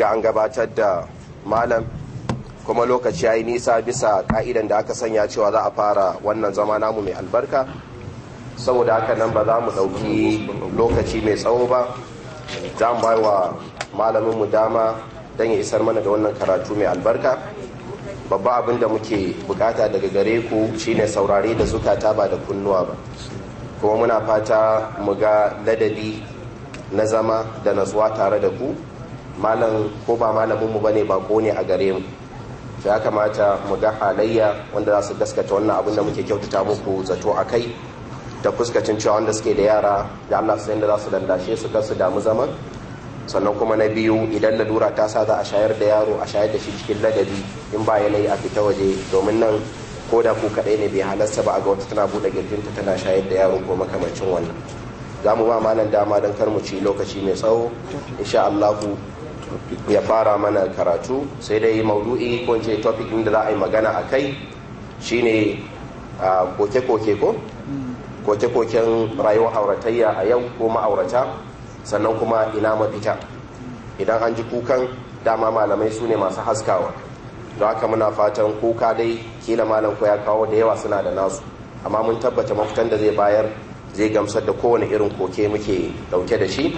ga an gabatar da malam kuma lokaci ya yi nisa bisa ka'idan da aka sanya cewa za a fara wannan zama namu mai albarka saboda haka nan ba za mu ɗauki lokaci mai tsawo ba za mu bai wa malaminmu dama don ya isar mana da wannan karatu mai albarka babba abin da muke bukata daga gare ku shine saurare da zukata ba da kunnuwa ba kuma muna fata mu ga ladabi na zama da natsuwa tare da ku malam ko ba malamin mu ne ba ko ne a gare mu ya kamata mu ga halayya wanda za su gaskata wannan abin da muke kyautata muku zato a kai da fuskacin cewa wanda suke da yara da Allah su da za su dandashe su kar su damu zaman sannan kuma na biyu idan lalura ta sa za a shayar da yaro a shayar da shi cikin ladabi in ba yanayi a fita waje domin nan ko da ku kaɗai ne bai halarta ba a ga wata tana buɗe girginta tana shayar da yaro ko makamancin wannan za mu ba malam dama don kar mu ci lokaci mai tsawo insha Allahu ya fara mana karatu sai dai maudu'i ko ce topic din da za a yi magana a kai shine koke-koke ko koke-koken rayuwar auratayya a yau ko ma'aurata sannan kuma ina mafita idan an ji kukan dama malamai su ne masu haskawa don haka muna fatan kuka dai kila malam ko ya kawo da yawa suna da nasu amma mun tabbata mafitan da zai bayar zai gamsar da kowane irin koke muke dauke da shi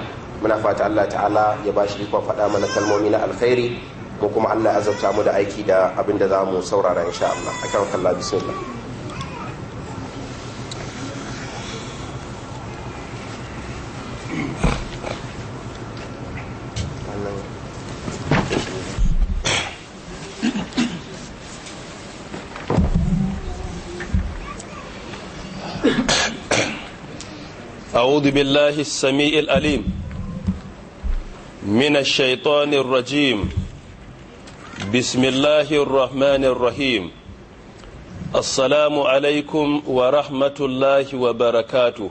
muna fata Allah ta'ala ya ba shi ikon faɗa mana kalmomi na alkhairi ko kuma Allah ya azabta mu da aiki da abin da za mu saurara insha Allah akan kallah bismillah أعوذ بالله السميع العليم من الشيطان الرجيم بسم الله الرحمن الرحيم السلام عليكم ورحمة الله وبركاته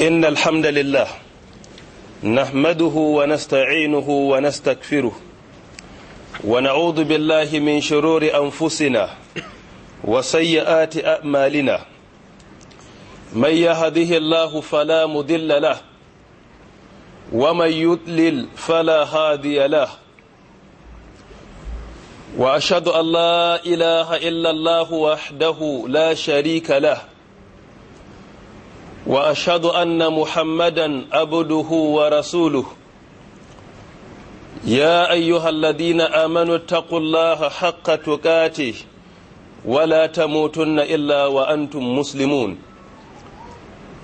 إن الحمد لله نحمده ونستعينه ونستكفره ونعوذ بالله من شرور أنفسنا وسيئات أعمالنا من يهده الله فلا مدل له ومن يدلل فلا هادي له وأشهد أن لا إله إلا الله وحده لا شريك له وأشهد أن محمدا أبده ورسوله يا أيها الذين آمنوا اتقوا الله حق تكاته ولا تموتن إلا وأنتم مسلمون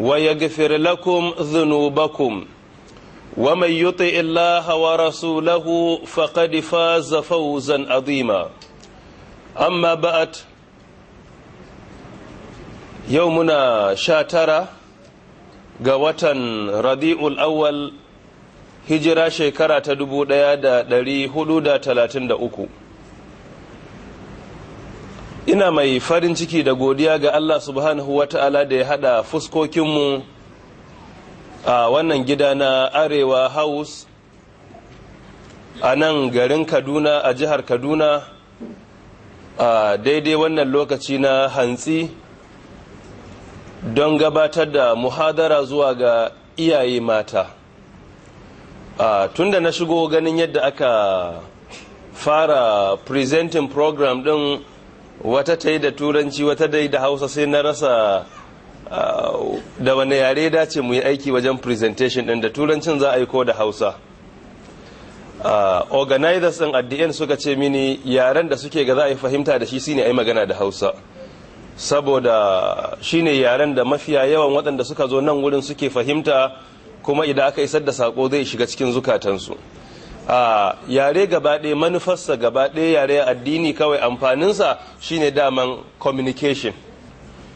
ويغفر لكم ذنوبكم ومن يطع الله ورسوله فقد فاز فوزا عظيما أما بعد يومنا شاترة قوة رديء الأول هجرة شكرة دبو ديادة دري هدودة 33 ina mai farin ciki da godiya ga Allah subhanahu wa ta'ala da ya hada fuskokinmu a wannan gida na arewa house a nan garin kaduna a jihar kaduna a daidai wannan lokaci na hantsi don gabatar da muhadara zuwa ga iyaye mata a tunda na shigo ganin yadda aka fara presenting program din wata ta yi da turanci wata da yi da hausa sai na rasa ah, da wani yare dace mu yi aiki wajen presentation ɗin da turancin za a yi ko da hausa ah, organizers ɗin at suka ce mini yaren da suke ga za a yi fahimta da shi shine a yi magana da hausa saboda shine yaren da mafiya yawan waɗanda suka zo nan wurin suke fahimta kuma idan aka isar da sako zai shiga cikin zukatansu a yare gabaɗe manufarsa gabaɗe yare addini kawai amfaninsa shine daman communication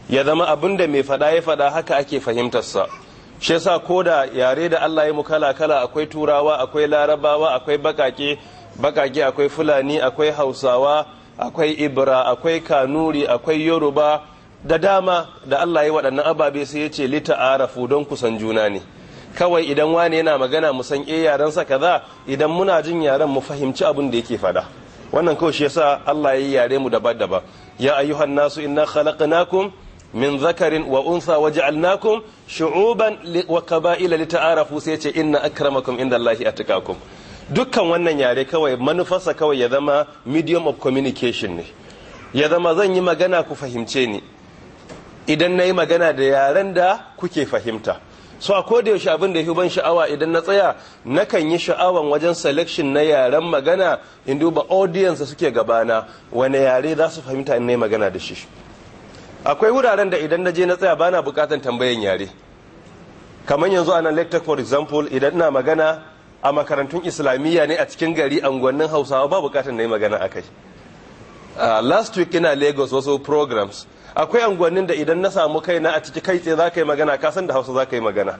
ya zama abin da mai faɗa ya faɗa haka ake fahimtarsa shi yasa ko da yare da Allah ya mu kala kala akwai turawa akwai larabawa akwai bakake bakake akwai fulani akwai hausawa akwai ibra akwai kanuri akwai yoruba da dama da Allah ya waɗannan ababe sai ya ce lita arafu don kusan juna ne kawai idan wane yana magana mu san eh, yaren sa kaza idan muna jin yaren mu fahimci abin da yake fada wannan kawai shi yasa Allah ya yi yare mu daban-daban ya ayyuhan nasu inna khalaqnakum min zakarin wa unsa waja'alnakum shu'uban wa qaba'ila lita'arafu sai ce inna akramakum indallahi atqakum dukkan wannan yare kawai manufarsa kawai ya zama medium of communication ne ya zama zan yi magana ku fahimce ni idan na yi magana da yaren da kuke fahimta so a koda yaushe abin da ya fi ban sha'awa idan na tsaya nakan yi sha'awan wajen selection na yaren magana in duba audience suke gabana wane yare za su fahimta in na magana da shi akwai wuraren da idan na je na tsaya bana bukatan tambayan yare kamar yanzu a nan lecture for example idan na magana a makarantun islamiyya ne a cikin gari anguwannin hausawa ba bukatan na yi magana akai uh, last week ina lagos wasu programs akwai anguwannin da idan na samu kaina a ciki kai tsaye za ka yi magana ka san da hausa za ka yi magana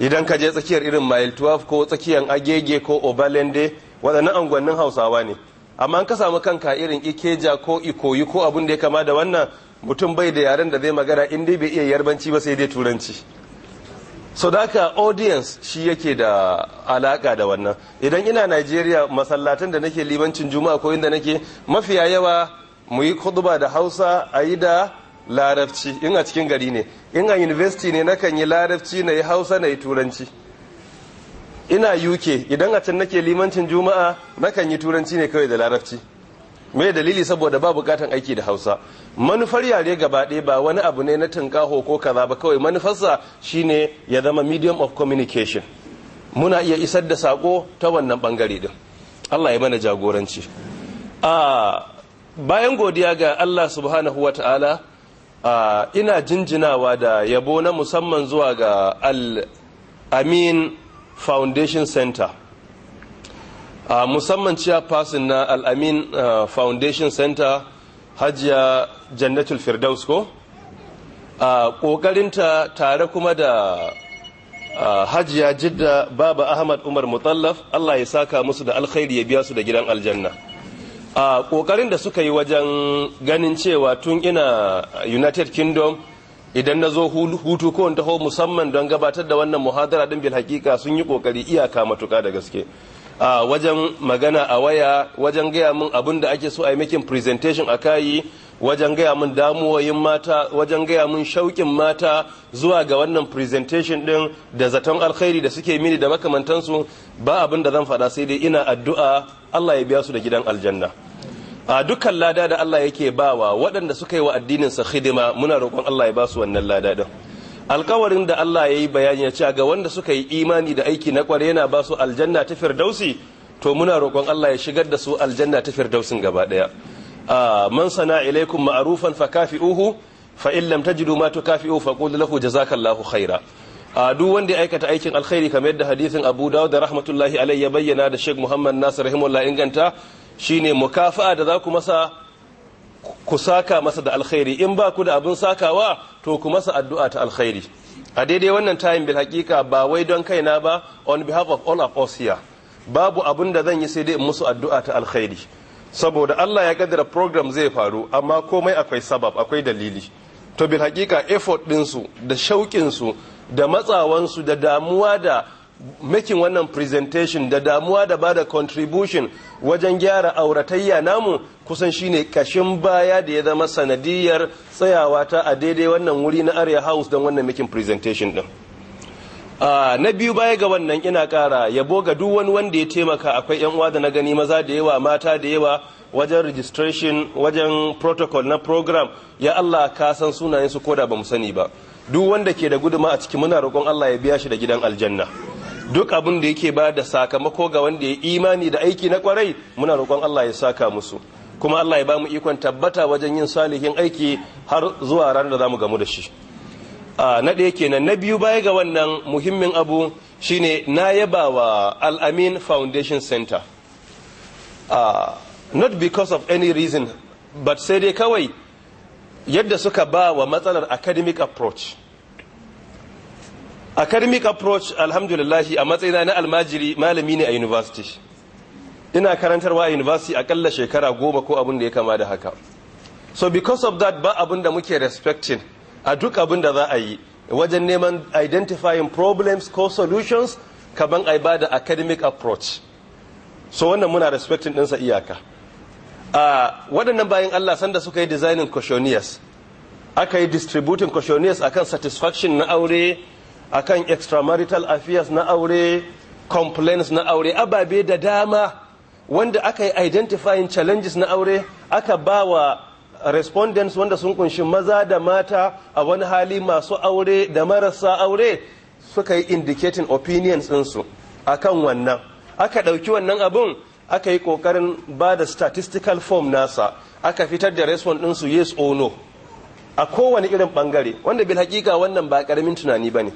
idan ka je tsakiyar irin mile 12 ko tsakiyar agege ko obalende waɗannan unguwannin hausawa ne amma ka samu kanka irin ikeja ko ikoyi ko abin da ya kama da wannan mutum bai da yaren da zai magana in dai bai iya yarbanci ba sai dai turanci so da haka audience shi yake da alaka da wannan idan ina Najeriya masallatan da nake limancin juma'a ko inda nake mafiya yawa mu yi kuduba da hausa a yi da larabci in a cikin gari ne in a university ne nakan yi larabci na yi hausa na yi turanci ina uk idan a can nake limancin juma'a nakan yi turanci ne kawai da larabci mai dalili saboda ba bukatan aiki da hausa manufar yare gaba ɗaya ba wani abu ne na tunkaho ko kaza ba kawai manufarsa shine ya zama medium of communication muna iya isar da sako ta wannan bangare din allah ya mana jagoranci a ah, bayan godiya ga Allah subhanahu wa ta'ala ina jinjinawa da yabo na musamman zuwa ga al-amin foundation center a musamman fasin na al-amin foundation center hajiya jannatul firdaus ko a ƙoƙarinta tare kuma da hajiya jidda baba ahmad umar mutallaf allah ya saka musu da alkhairi ya biya su da gidan aljanna a kokarin da suka yi wajen ganin cewa tun ina united kingdom idan na zo hutu ko taho musamman don gabatar da wannan muhadara din bil hakika sun yi kokari iyaka matuka da gaske a wajen magana a waya wajen gaya min abin da ake so a yi making presentation a kayi wajen gaya min damuwoyin mata wajen gaya mun shauƙin mata zuwa ga wannan presentation din da zaton alkhairi da suke mini da makamantansu ba abin da zan faɗa sai dai ina addu'a Allah ya biya su da gidan aljanna a dukkan lada da Allah yake bawa waɗanda suka yi wa addinin sa hidima muna roƙon Allah ya ba su wannan lada din alkawarin da Allah ya yi bayani ya ce ga wanda suka yi imani da aiki na kware yana ba su aljanna ta firdausi to muna roƙon Allah ya shigar da su aljanna ta firdausin gaba ɗaya man sana ilaikum ma'rufan fakafi'uhu fa in lam tajidu ma tukafi'u fa qul lahu jazakallahu khaira duk wanda ya aikata aikin alkhairi kamar yadda hadithin Abu Dawud da rahmatullahi alaihi ya bayyana da Sheikh Muhammad Nasir rahimahullah inganta shine mukafa'a da za ku masa ku saka masa da alkhairi in ba ku da abin sakawa to ku masa addu'a ta alkhairi a daidai wannan tayin bil hakika ba wai don kaina ba on behalf of all of us here babu abin da zan yi sai dai in musu addu'a ta alkhairi saboda Allah ya kaddara program zai faru amma komai akwai sabab akwai dalili to bil hakika effort su da su da matsawansu da damuwa da making wannan presentation da damuwa da bada contribution wajen gyara auratayya namu kusan shine kashin baya da ya zama sanadiyar tsayawa ta a daidai wannan wuri na area house don wannan making presentation din na biyu baya ga wannan ina kara yabo ga duk wani wanda ya taimaka akwai yan uwa da na gani maza da yawa mata da yawa wajen registration wajen protocol na program ya Allah ka san sunayen su koda bamu sani ba duk wanda ke da guduma a ciki muna roƙon Allah ya biya shi da gidan aljanna duk abin da yake ba da sakamako ga wanda ya imani da aiki na kwarai muna roƙon Allah ya saka musu kuma Allah ya bamu ikon tabbata wajen yin salihin aiki har zuwa ranar da zamu gamu da shi Ah, na ɗaya kenan na biyu baya ga wannan muhimmin abu shine na yaba wa alamin foundation center ah, not because of any reason but sai dai kawai yadda suka ba wa matsalar academic approach academic approach alhamdulillahi a matsayina na almajiri malami ne a university ina karantarwa a university akalla shekara goma ko abin da ya kama da haka so because of that ba abun da muke respecting a duk abin da za a yi wajen neman identifying problems ko solutions kaman a ba da academic approach so wannan muna respecting ɗinsa iyaka a waɗannan bayan Allah sanda suka yi designing questionnaires aka yi distributing questionnaires akan satisfaction na aure akan extramarital affairs na aure complaints na aure ababe da dama wanda aka yi identifying challenges na aure aka ba wa respondents wanda sun kunshi maza da mata a wani hali masu aure da marasa aure suka yi indicating opinions ɗinsu a kan wannan aka ɗauki wannan abun aka yi ƙoƙarin ba da statistical form nasa aka fitar da response ɗinsu yes or no a kowane irin ɓangare wanda bil hakika wannan ba ƙaramin tunani ba ne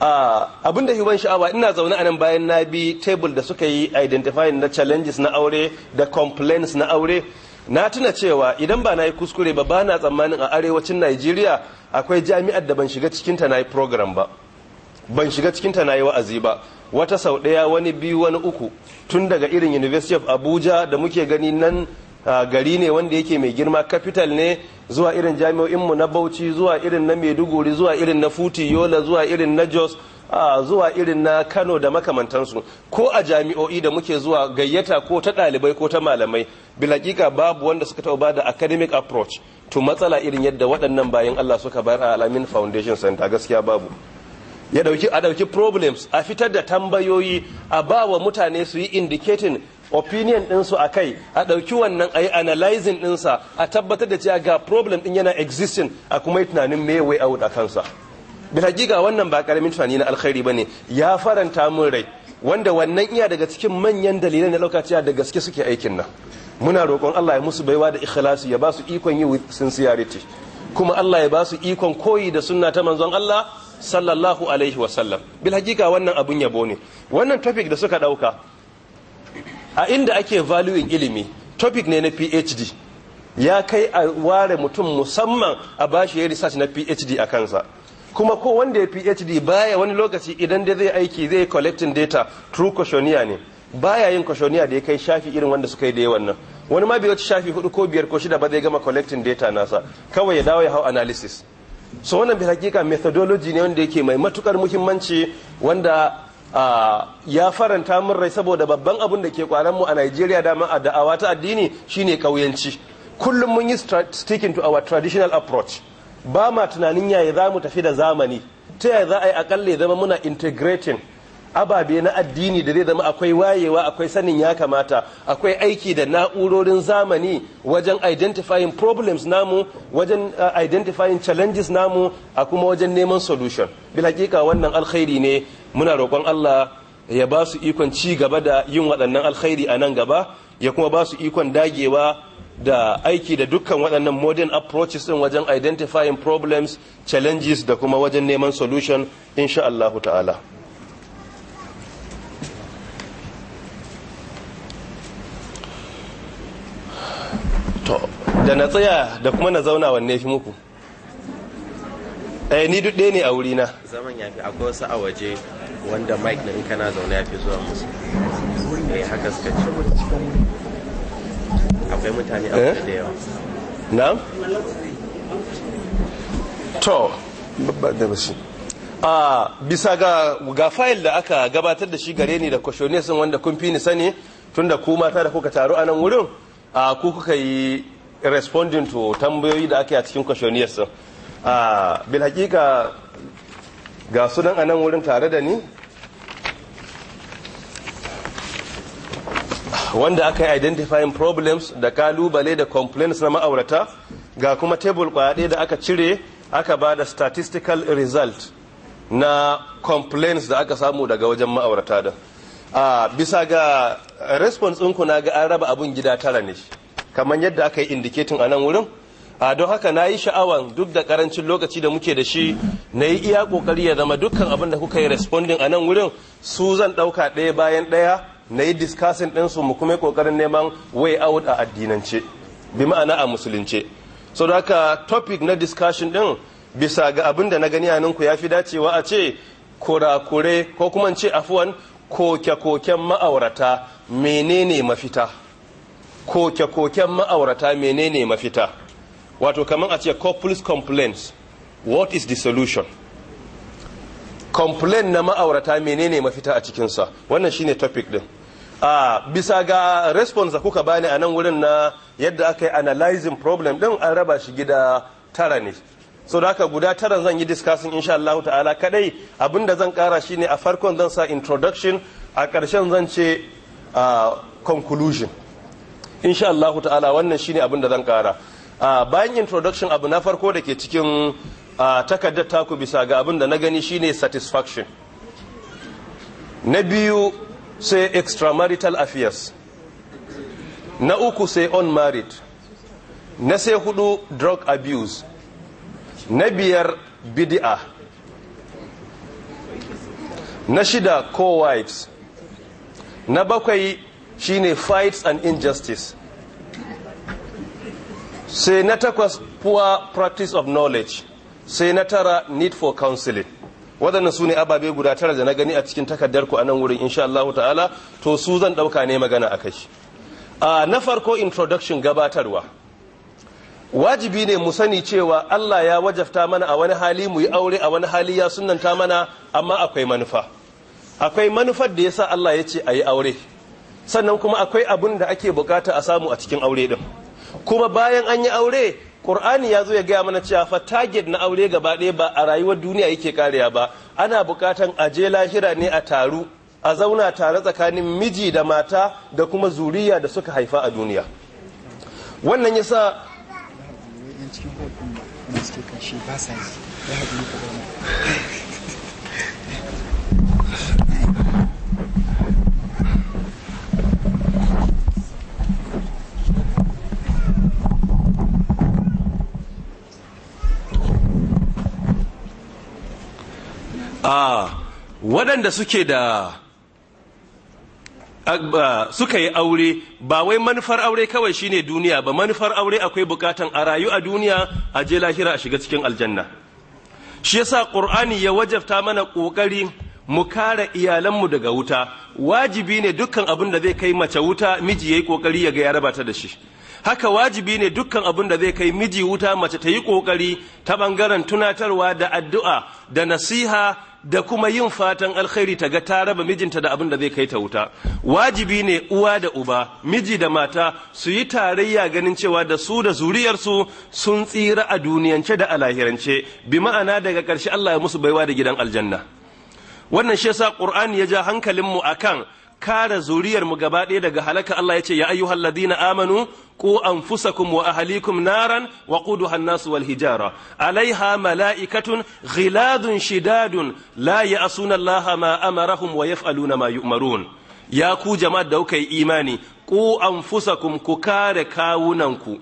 abin da ban sha'awa ina zaune a nan bayan na bi table da suka yi identifying na challenges na aure da complaints na aure na tuna cewa idan ba na yi kuskure ba bana tsammanin a arewacin najeriya akwai jami'ar da ban shiga cikinta na yi program ba ban shiga cikinta na yi wa'azi ba wata sau ɗaya wani biyu wani uku tun daga irin university of abuja da muke gani nan gari ne wanda yake mai girma capital ne zuwa irin jami'o'inmu na bauchi zuwa irin na maiduguri zuwa irin na futi yola zuwa irin na jos zuwa irin na Kano da makamantansu ko a jami'o'i da muke zuwa gayyata ko ta ɗalibai ko ta malamai bilakika babu wanda suka taɓa da academic approach to matsala irin yadda waɗannan bayan Allah suka bayar a Alamin Foundation Center gaskiya babu ya dauki a dauki problems a fitar da tambayoyi a ba wa mutane su yi indicating opinion ɗinsu a kai a ɗauki wannan a yi analyzing ɗinsa a tabbatar da cewa ga problem ɗin yana existing a kuma yi tunanin me way out a kansa bil hakika wannan ba karamin tunani na alkhairi ne ya faranta mun rai wanda wannan iya daga cikin manyan dalilai na lokaciya da gaske suke aikin nan muna roƙon Allah ya musu baiwa da ikhlasi ya ba su ikon yi with sincerity kuma Allah ya ba su ikon koyi da sunna ta manzon Allah sallallahu alaihi wa sallam. bil hakika wannan abun yabo ne wannan topic da suka dauka a inda ake valuing ilimi topic ne na PhD ya kai a ware mutum musamman a bashi ya research na PhD a kansa kuma ko wanda ya PhD baya wani lokaci idan dai zai aiki zai collecting data through koshoniya ne baya yin koshoniya da ya kai shafi irin wanda suka yi da yawan nan wani ma bai shafi hudu ko biyar ko shida ba zai gama collecting data nasa kawai ya dawo ya hau analysis so wannan bi hakika methodology ne wanda yake mai matukar muhimmanci wanda ya faranta mun rai saboda babban abun da ke kwaran mu a Najeriya dama a da'awa ta addini shine kauyanci kullum mun yi sticking to our traditional approach ba ma tunanin yaya za mu tafi da zamani ta yaya za a yi akalla ya zama muna integrating ababe na addini da zai zama akwai wayewa akwai sanin ya kamata akwai aiki da na'urorin zamani wajen identifying problems namu wajen uh, identifying challenges namu a kuma wajen neman solution bil hakika wannan alkhairi ne muna roƙon Allah ya ba su ikon ci gaba da yin waɗannan alkhairi a nan gaba ya kuma ba su ikon dagewa da aiki da dukkan waɗannan modern approaches ɗin wajen identifying problems challenges da kuma wajen neman solution insha Allah ta'ala to da na tsaya da kuma na zauna wanne fi muku eh, ni duk ɗaya ne a wuri na. zaman ya fi akwai wasu a waje wanda mike na in kana zaune fi zuwa musu eh haka suka ce akwai mutane a eh? da yawa na? to babba da bashi a bisa ga ga fayil da aka gabatar da shi gare ni da kwashone sun wanda kun fi ni sani tun da ku mata da kuka taru a nan wurin a ku kuka yi responding to tambayoyi da aka yi a cikin kwashoniyar sun a bil hakika ga sunan a nan wurin tare da ni wanda aka yi identifying problems da kalubale da complaints na ma'aurata ga kuma table kwaɗe da aka cire aka ba da statistical result na complaints da aka samu daga wajen ma'aurata da a bisa ga response ɗinku na ga an raba abun gida tara ne kamar yadda aka yi indicating a nan wurin a don haka na yi sha'awan duk da karancin lokaci da muke da shi na yi iya kokari ya zama dukkan abin da kuka yi responding a nan wurin su zan ɗauka ɗaya bayan ɗaya na yi diskasin ɗinsu mu kuma ƙoƙarin neman way out a addinance bi ma'ana a musulunce so da haka topic na discussion ɗin bisa ga abin da na gani a ku ya fi dacewa a ce kurakure ko kuma ce afuwan koke-koken ma'aurata menene mafita koke-koken ma'aurata menene mafita wato kamar a ce couples complaints what is the solution complain na ma'aurata menene mafita a cikinsa wannan shine topic ɗin a bisa ga response da kuka bani a nan wurin na yadda aka yi analyzing problem din an raba shi gida tara ne so da aka guda tara zan yi discussing insha Allah ta'ala kadai abinda zan kara ne a farkon zan sa introduction a ƙarshen zan ce conclusion insha Allah ta'ala wannan shi ne abinda zan kara bayan introduction abu na farko da ke cikin takardar taku bisa ga abinda na gani shine satisfaction na biyu sai extramarital affairs na uku sai unmarried na sai hudu drug abuse na biyar bidi'a na shida co-wives na bakwai shine fights and injustice sai na takwas poor practice of knowledge sai na tara need for counseling waɗannan su ne ababe guda tara da na gani a cikin takardar ku a nan wurin insha Allah ta'ala to su zan ɗauka ne magana a kai na farko introduction gabatarwa wajibi ne mu sani cewa Allah ya wajafta mana a wani hali mu yi aure a wani hali ya sunanta mana amma akwai manufa akwai manufar da ya sa Allah ya ce a yi aure sannan kuma akwai abin da ake bukata a samu a cikin aure din kuma bayan an yi aure Qur'ani ya zo ya gaya mana cewa fa target na aure gaba ɗaya ba a rayuwar duniya yake karewa ba ana buƙatan a je lahira ne a taru a zauna tare tsakanin miji da mata da kuma zuriya da suka haifa a duniya wannan yasa a waɗanda suke da suka yi aure ba wai manufar aure kawai shine duniya ba manufar aure akwai bukatan a rayu a duniya a je lahira a shiga cikin aljanna shi yasa qur'ani ya wajabta mana kokari mu kare iyalanmu daga wuta wajibi ne dukkan abin da zai kai mace wuta miji yayi kokari ya ga ya raba ta da shi haka wajibi ne dukkan abin da zai kai miji wuta mace ta yi kokari ta bangaren tunatarwa da addu'a da nasiha da kuma yin fatan alkhairi ta ga ta raba mijinta da abin da zai kai ta wuta wajibi ne uwa da uba miji da mata su yi tarayya ganin cewa da su da zuriyarsu sun tsira a duniyance da a lahirance bi ma'ana daga ƙarshe Allah ya musu baiwa da gidan aljanna wannan shi yasa Qur'ani ya ja hankalinmu akan kare zuriyar mu gaba ɗaya daga halaka Allah ya ce ya ayyuhal ladina amanu ku anfusakum wa ahalikum naran wa quduha an-nas wal hijara alaiha malaikatun ghiladun shidadun la ya'suna allaha ma amarahum wa yaf'aluna ma yu'marun ya ku jama'ar da kuka yi imani ku anfusakum ku kare kawunanku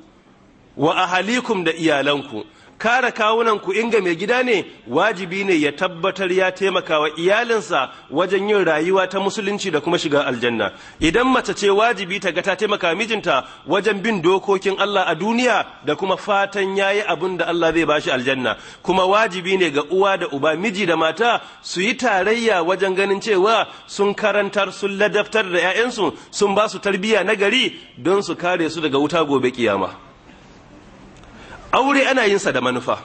wa ahalikum da iyalanku kare kawunan ku inga mai gida ne wajibi ne ya tabbatar ya taimaka wa iyalinsa wajen yin rayuwa ta musulunci da kuma shiga aljanna idan mace ce wajibi ta ga ta taimaka mijinta wajen bin dokokin Allah a duniya da kuma fatan yayi abin da Allah zai bashi aljanna kuma wajibi ne ga uwa da uba miji da mata su yi tarayya wajen ganin cewa sun karantar sun ladaftar da 'ya'yansu sun ba su tarbiyya na gari don su kare su daga wuta gobe kiyama aure ana yin sa da manufa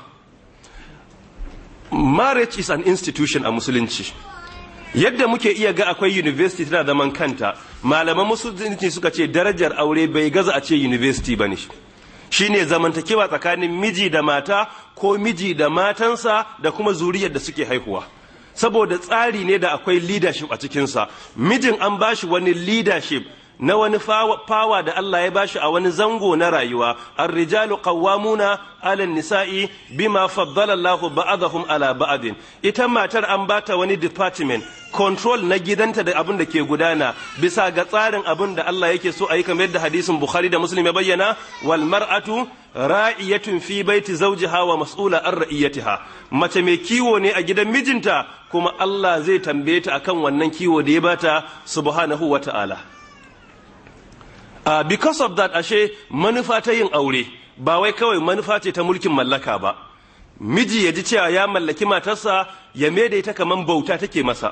marriage is an institution a musulunci yadda muke iya ga akwai university tana zaman kanta malaman musulunci suka ce darajar aure bai gaza a ce university ba ne shine zamantakewa tsakanin miji da mata ko miji da matansa da kuma zuriyar da suke haihuwa saboda tsari ne da akwai leadership a cikinsa mijin an bashi wani leadership na wani fawa da Allah ya bashi a wani zango na rayuwa ar-rijalu qawwamuna 'ala nisa'i bima faddala Allahu ba'dahum 'ala ba'din ita matar an bata wani department control na gidanta da abin da ke gudana bisa ga tsarin abin da Allah yake so a yi kamar yadda hadisin Bukhari da Muslim ya bayyana wal mar'atu ra'iyatun fi baiti zawjiha wa mas'ula an ra'iyatiha mace mai kiwo ne a gidan mijinta kuma Allah zai tambaye ta akan wannan kiwo da ya bata subhanahu wa ta'ala uh, because of that ashe manufa ta yin aure ba wai kawai manufa ce ta mulkin mallaka ba miji ya ji cewa ya mallaki matarsa ya mede ta kaman bauta take masa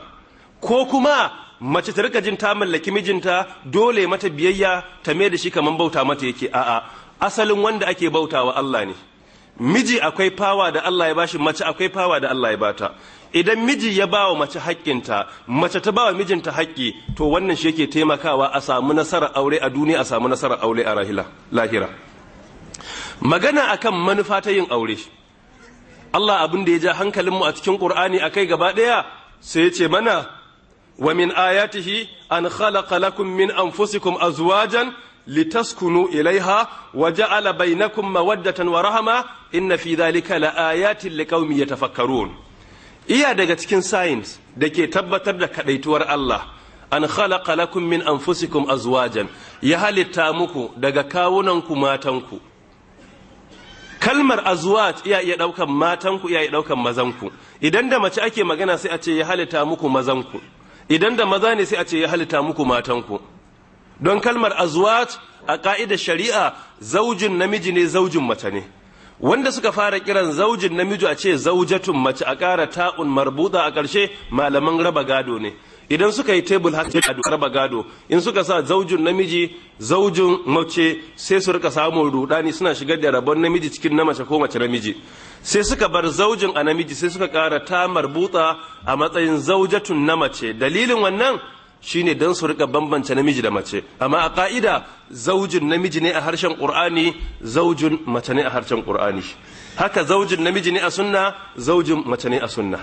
ko kuma mace ta rika jin ta mallaki mijinta dole mata biyayya ta maida shi kaman bauta mata yake a'a asalin wanda ake bautawa Allah ne miji akwai fawa da Allah ya bashi mace akwai fawa da Allah ya bata idan miji ya ba wa mace haƙƙinta mace ta ba wa mijinta haƙƙi to wannan shi yake taimakawa a samu nasarar aure a duniya a samu nasarar aure a rahila lahira magana akan manufa ta yin aure Allah abin da ya ja hankalinmu a cikin Qur'ani akai gaba ɗaya sai ya ce mana wa min ayatihi an khalaqa lakum min anfusikum azwajan litaskunu ilaiha wa ja'ala bainakum mawaddatan wa rahma inna fi dhalika laayatin liqaumin yatafakkarun iya daga cikin science da ke tabbatar da kadaituwar Allah an khalaqa lakum min anfusikum azwajan ya halitta muku daga kawunanku matanku kalmar azwaj iya iya daukan matanku iya iya daukan mazanku idan da mace ake magana sai a ce ya halitta muku mazanku idan da maza ne sai a ce ya halitta muku matanku don kalmar azwaj a ka'idar shari'a zaujin namiji ne zaujin mace ne wanda suka fara kiran zaujin namiji a ce zaujatun mace a kara ta'un marbuta a ƙarshe malaman raba gado ne idan suka yi tebul har a raba gado in suka sa zaujin namiji zaujin mace sai su rika samun rudani suna shigar da rabon namiji cikin na mace ko mace namiji sai suka bar zaujin a namiji sai suka kara ta marbuta a matsayin zaujatun na mace dalilin wannan shine don su rika bambance namiji da mace amma a ka'ida zaujin namiji ne a harshen qur'ani zaujin mace ne a harshen qur'ani haka zaujin namiji ne a sunna zaujin mace ne a sunna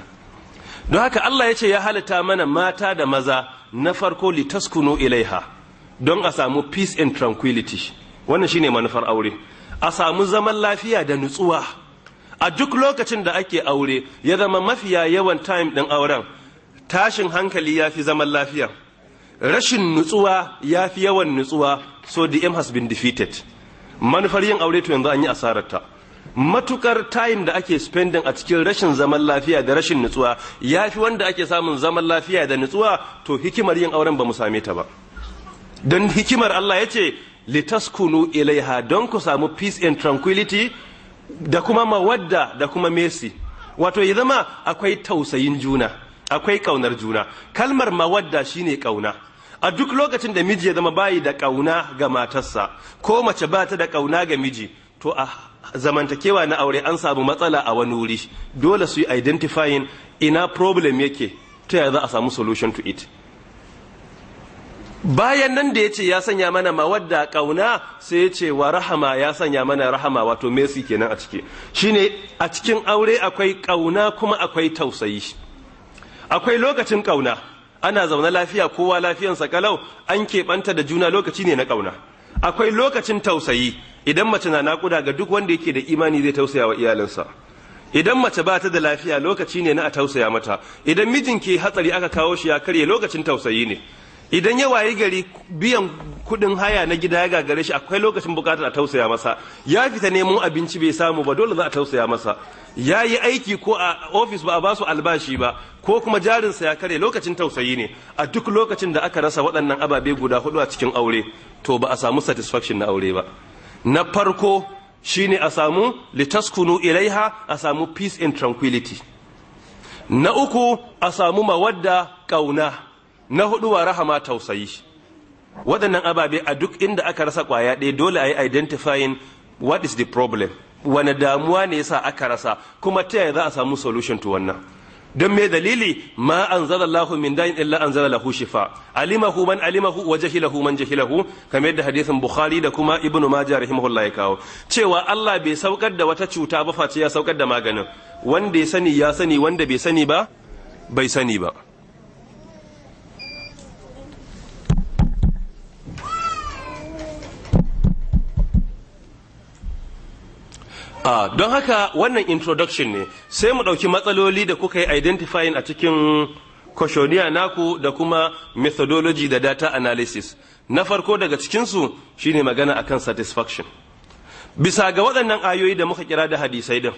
don haka Allah ya ce ya halitta mana mata da maza na farko litaskunu ilaiha don a samu peace and tranquility wannan shine manufar aure a samu zaman lafiya da nutsuwa a duk lokacin da ake aure ya zama mafiya yawan time din auren tashin hankali ya fi zaman lafiya rashin nutsuwa ya fi yawan nutsuwa so the aim has been defeated manufar yin aure to yanzu an yi asarar ta. matukar time da ake spending a cikin rashin zaman lafiya da rashin nutsuwa ya fi wanda ake samun zaman lafiya da nutsuwa to hikimar yin auren ba mu same ta ba don hikimar Allah ya ce litaskunu ilaiha don ku samu peace and tranquility da kuma mawadda da kuma mercy wato ya zama akwai tausayin juna akwai kaunar juna kalmar mawadda shine kauna a duk lokacin da miji ya zama bayi da ƙauna ga matarsa ko mace ba ta da ƙauna ga miji to a zamantakewa na aure an samu matsala a wani wuri dole su yi identifying ina problem yake ta yaya za a samu solution to it bayan nan da ya ce ya sanya mana ma mawadda ƙauna sai ya ce wa rahama ya sanya mana rahama wato messi kenan a ciki shine a cikin aure akwai ƙauna kuma akwai tausayi akwai lokacin ƙauna ana zaune lafiya kowa lafiyansa kalau an keɓanta da juna lokaci ne na ƙauna akwai lokacin tausayi idan mace na naƙuda ga duk wanda yake da imani zai tausaya wa iyalinsa idan mace ba ta da lafiya lokaci ne na a tausaya mata idan mijin ke hatsari aka kawo shi ya karye lokacin tausayi ne idan ya wayi gari biyan kudin haya na gida ya gagare shi akwai lokacin bukatar a tausaya masa ya fita neman abinci bai samu ba dole za a tausaya masa ya yi aiki ko a ofis ba a basu albashi ba ko kuma jarinsa ya kare lokacin tausayi ne a duk lokacin da aka rasa waɗannan ababe guda hudu a cikin aure to ba a samu satisfaction na aure ba na farko shine a samu litaskunu ilaiha a samu peace and tranquility na uku a samu mawadda ƙauna na hudu wa rahama tausayi waɗannan ababe a duk inda aka rasa kwaya ɗaya dole a yi identifying what is the problem wani damuwa ne yasa aka rasa kuma ta yaya za a samu solution to wannan don me dalili ma anzala Allahu min da'in illa anzala lahu shifa alimahu man alimahu wa jahilahu man jahilahu kamar yadda hadisin Bukhari da kuma ibnu Majah rahimahullah ya kawo cewa Allah bai saukar da wata cuta ba face ya saukar da maganin wanda ya sani ya sani wanda bai sani ba bai sani ba Uh, don haka wannan introduction ne sai mu ɗauki matsaloli da kuka yi identifying a cikin koshoniya naku da kuma methodology da data analysis na farko daga cikinsu shine magana akan satisfaction bisa ga waɗannan ayoyi da muka kira da hadisai din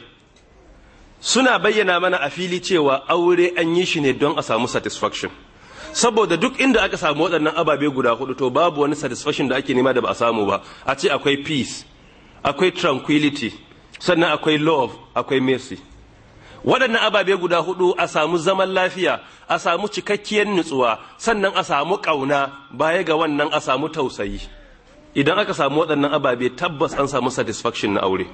suna bayyana mana a fili cewa aure an yi shi ne don a samu satisfaction saboda duk inda aka samu waɗannan ababe guda hudu to babu wani satisfaction da ake nema da ba a samu ba a ce akwai peace akwai tranquility sannan akwai love akwai mercy waɗannan ababe guda hudu a samu zaman lafiya a samu cikakkiyar nutsuwa sannan a samu ƙauna baya ga wannan a samu tausayi idan aka samu waɗannan ababe tabbas an samu satisfaction na aure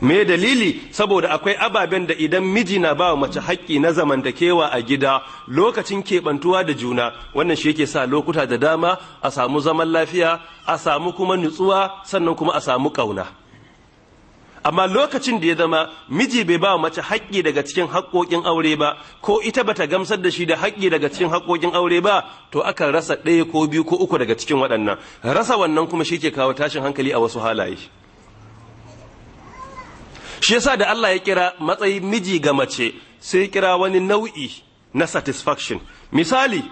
me dalili saboda akwai ababen da idan miji na ba mace haƙƙi na zamantakewa a gida lokacin keɓantuwa da juna wannan shi yake sa lokuta da dama a samu zaman lafiya a samu kuma nutsuwa sannan kuma a samu ƙauna amma lokacin da ya zama miji bai ba mace haƙƙi daga cikin haƙƙoƙin aure ba ko ita bata gamsar da shi da haƙƙi daga cikin haƙƙoƙin aure ba to akan rasa ɗaya ko biyu ko uku daga cikin waɗannan rasa wannan kuma shi ke kawo tashin hankali a wasu halaye shi yasa da Allah ya kira matsayin miji ga mace sai ya kira wani nau'i na satisfaction misali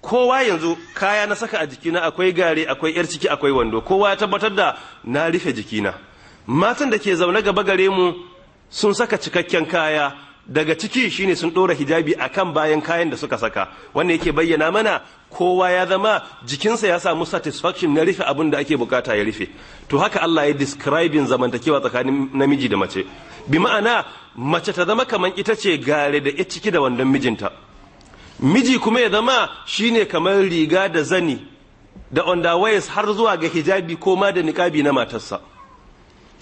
kowa yanzu kaya na saka a jikina akwai gare akwai yar ciki akwai wando kowa ya tabbatar da na rufe jikina matan da ke zaune gaba gare mu sun saka cikakken kaya daga ciki shine sun ɗora hijabi akan bayan kayan da suka saka wanda yake bayyana mana kowa ya zama jikinsa ya samu satisfaction na rufe abin da ake bukata ya rufe to haka Allah ya describing zamantakewa tsakanin namiji da mace bi ma'ana mace ta zama kamar ita ce gare da ita ciki da wandon mijinta miji kuma ya zama shine kamar riga da zani da underwear har zuwa ga hijabi ko ma da niƙabi na matarsa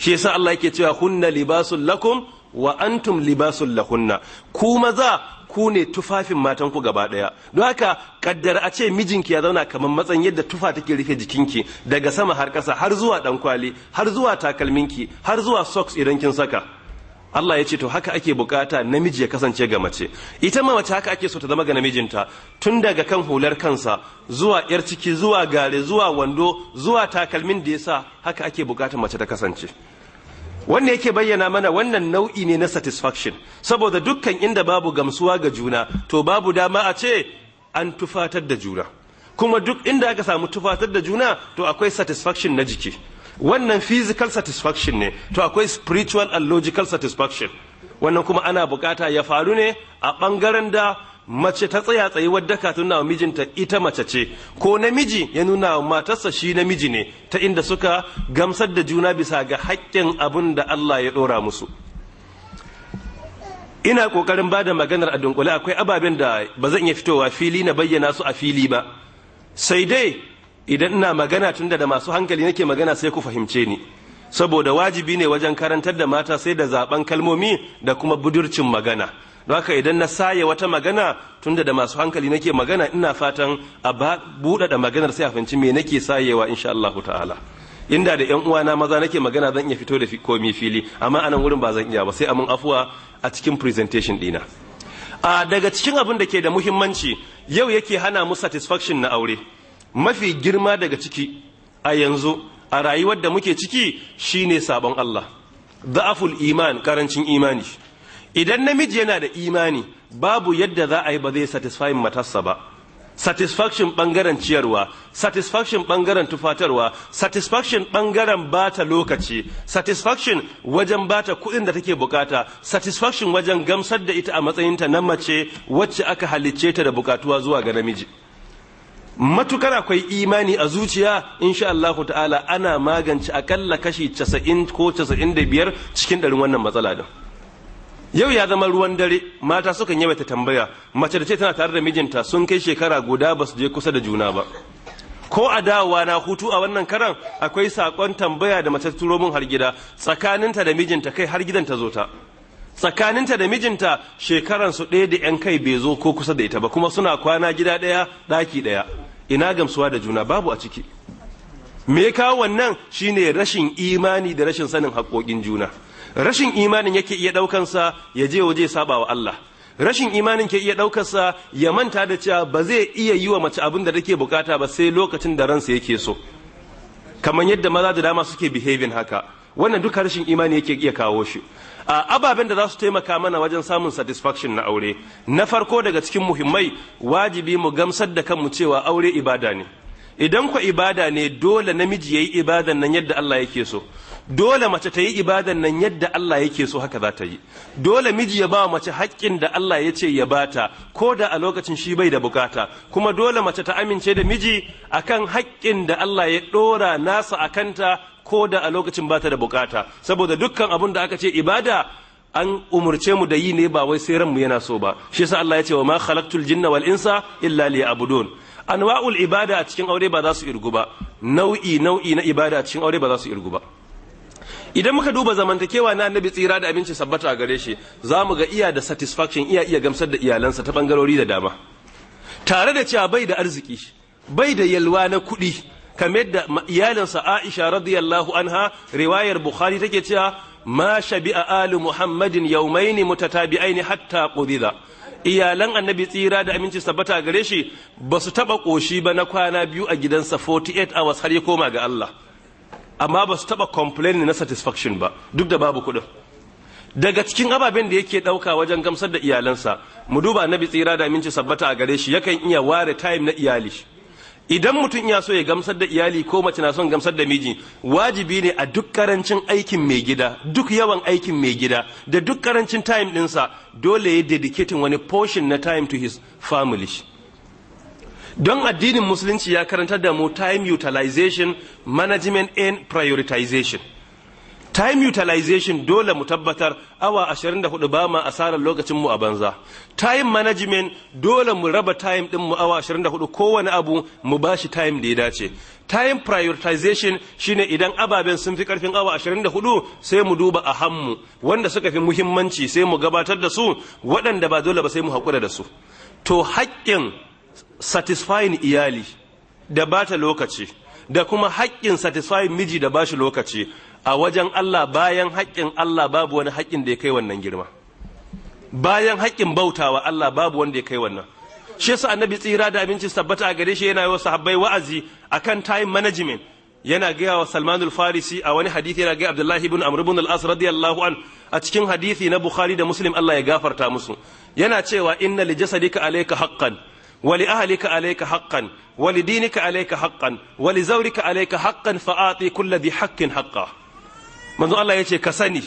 shi yasa Allah yake cewa hunna libasul lakum wa antum libasul lahunna ku maza ku ne tufafin matan ku gaba daya don haka kaddar a ce mijinki ya zauna kamar matsayin yadda tufa take rufe jikinki daga sama har ƙasa har zuwa dankwali har zuwa takalminki har zuwa socks idan kin saka Allah ya ce to haka ake bukata namiji ya kasance ga mace ita ma mace haka ake so ta zama ga namijinta tun daga kan hular kansa zuwa yar ciki zuwa gare zuwa wando zuwa takalmin da yasa haka ake bukata mace ta kasance wanda yake bayyana mana wannan nau'i ne na satisfaction saboda dukkan inda babu gamsuwa ga juna to babu dama a ce an tufatar da juna kuma duk inda aka samu tufatar da juna to akwai satisfaction na jiki wannan physical satisfaction ne to akwai spiritual and logical satisfaction wannan kuma ana bukata ya faru ne a bangaren da mace ta tsaya tsaye wadda ka tuna wa mijinta ita mace ce ko namiji ya nuna wa matarsa shi namiji ne ta inda suka gamsar da juna bisa ga haƙƙin abin da Allah ya ɗora musu ina ƙoƙarin ba da maganar a dunkule akwai ababen da ba zan iya fitowa fili na bayyana su a fili ba sai dai idan ina magana tunda da masu hankali nake magana sai ku fahimce ni saboda wajibi ne wajen karantar da mata sai da zaben kalmomi da kuma budurcin magana zaka idan na saye wata magana tunda da masu hankali nake magana ina fatan a buɗaɗa maganar sai a fahimci me nake sayewa insha Allah ta'ala inda da yan uwana maza nake magana zan iya fito da komi fili amma anan wurin ba zan iya ba sai amin afuwa a cikin presentation dina a daga cikin abin da ke da muhimmanci yau yake hana mu satisfaction na aure mafi girma daga ciki a yanzu a rayuwar da muke ciki shine sabon Allah da'aful iman karancin imani idan namiji yana da imani babu yadda za a yi ba zai satisfy matarsa ba satisfaction bangaren ciyarwa satisfaction bangaren tufatarwa satisfaction bangaren bata lokaci satisfaction wajen bata kuɗin da take bukata satisfaction wajen gamsar da ita a matsayinta na mace wacce aka halicce ta da bukatuwa zuwa ga namiji matukar akwai imani a zuciya insha Allah ta'ala ana magance akalla kashi 90 ko 95 cikin ɗarin wannan matsala din yau ya zama ruwan dare mata sukan ta tambaya mace da ce tana tare da mijinta sun kai shekara guda ba su je kusa da juna ba ko a dawowa na hutu a wannan karan akwai sakon tambaya da mace turo min har gida tsakaninta da mijinta kai har gidan ta zo ta tsakaninta da mijinta shekaran su ɗaya da yan kai bai zo ko kusa da ita ba kuma suna kwana gida ɗaya ɗaki ɗaya ina gamsuwa da juna babu a ciki me kawo wannan shine rashin imani da rashin sanin haƙoƙin juna rashin imanin yake iya ɗaukansa ya je waje saba wa Allah rashin imanin ke iya daukarsa ya manta da cewa ba zai iya yi wa mace abin da take bukata ba sai lokacin da ransa yake so kamar yadda maza da dama suke behaving haka wannan duka rashin imani yake iya kawo shi a ababen da za su taimaka mana wajen samun satisfaction na aure na farko daga cikin muhimmai wajibi mu gamsar da kanmu cewa aure ibada ne idan ku ibada ne dole namiji yayi ibadan nan yadda Allah yake so dole mace ta yi ibadan nan yadda Allah yake so haka za ta yi dole miji ya ba mace haƙƙin da Allah ya ce ya bata ko da a lokacin shi bai da bukata kuma dole mace ta amince da miji akan haƙƙin da Allah ya ɗora nasa a kanta ko da a lokacin bata da bukata saboda dukkan abun da aka ce ibada an umurce mu da yi ne ba wai sai mu yana so ba shi yasa Allah ya ce wa ma khalaqtul jinna wal insa illa liya'budun anwa'ul ibada a cikin aure ba za su irgu ba nau'i nau'i na ibada a cikin aure ba za su irgu ba idan muka duba zamantakewa na annabi tsira da abinci sabbata a gare shi za mu ga iya da satisfaction iya iya gamsar da iyalansa ta bangarori da dama tare da cewa bai da arziki bai da yalwa na kuɗi kamar da iyalinsa Aisha radiyallahu anha riwayar Bukhari take cewa ma a alu Muhammadin bi aini hatta qudida iyalan annabi tsira da aminci sabbata gare shi ba su taɓa ƙoshi ba na kwana biyu a gidansa 48 hours har ya koma ga Allah amma ba su taɓa complaining na satisfaction ba duk da babu kuɗin daga cikin ababen da yake ɗauka wajen gamsar da iyalansa mu duba nabi tsira da aminci sabbata a gare shi yakan iya ware time na iyali idan mutum ya so ya gamsar da iyali ko mace na son gamsar da miji wajibi ne a duk karancin aikin mai gida duk yawan aikin mai gida da duk karancin time ɗinsa dole ya dedicating wani portion na time to his family don addinin musulunci ya karantar da mu time utilization management and prioritization time utilization dole mu tabbatar awa 24 ba ma asarar lokacin mu a banza time management dole mu raba time din mu awa 24 kowane abu mu bashi time da ya dace time prioritization shine idan ababen sun fi karfin awa 24 sai mu duba a hannu wanda suka fi muhimmanci sai mu gabatar da su waɗanda ba dole ba sai mu haƙura da su to haƙƙin satisfying iyali da ba ta lokaci da kuma haƙƙin satisfying miji da ba shi lokaci a wajen Allah bayan haƙƙin Allah babu wani haƙƙin da ya kai wannan girma bayan haƙƙin bautawa Allah babu wanda ya kai wannan shi yasa annabi tsira da abinci tabbata a gare shi yana yi wa sahabbai wa'azi akan time management yana gaya wa Salman al-Farisi a wani hadithi yana gaya Abdullahi bin Amr ibn al radiyallahu an a cikin hadithi na Bukhari da Muslim Allah ya gafarta musu yana cewa inna li jasadika alaika haqqan wali ahlika alayka haqqan wali dinika alayka haqqan wali zawrika alayka haqqan fa'ati kulli dhi haqqin haqqa manzo Allah yace ka sani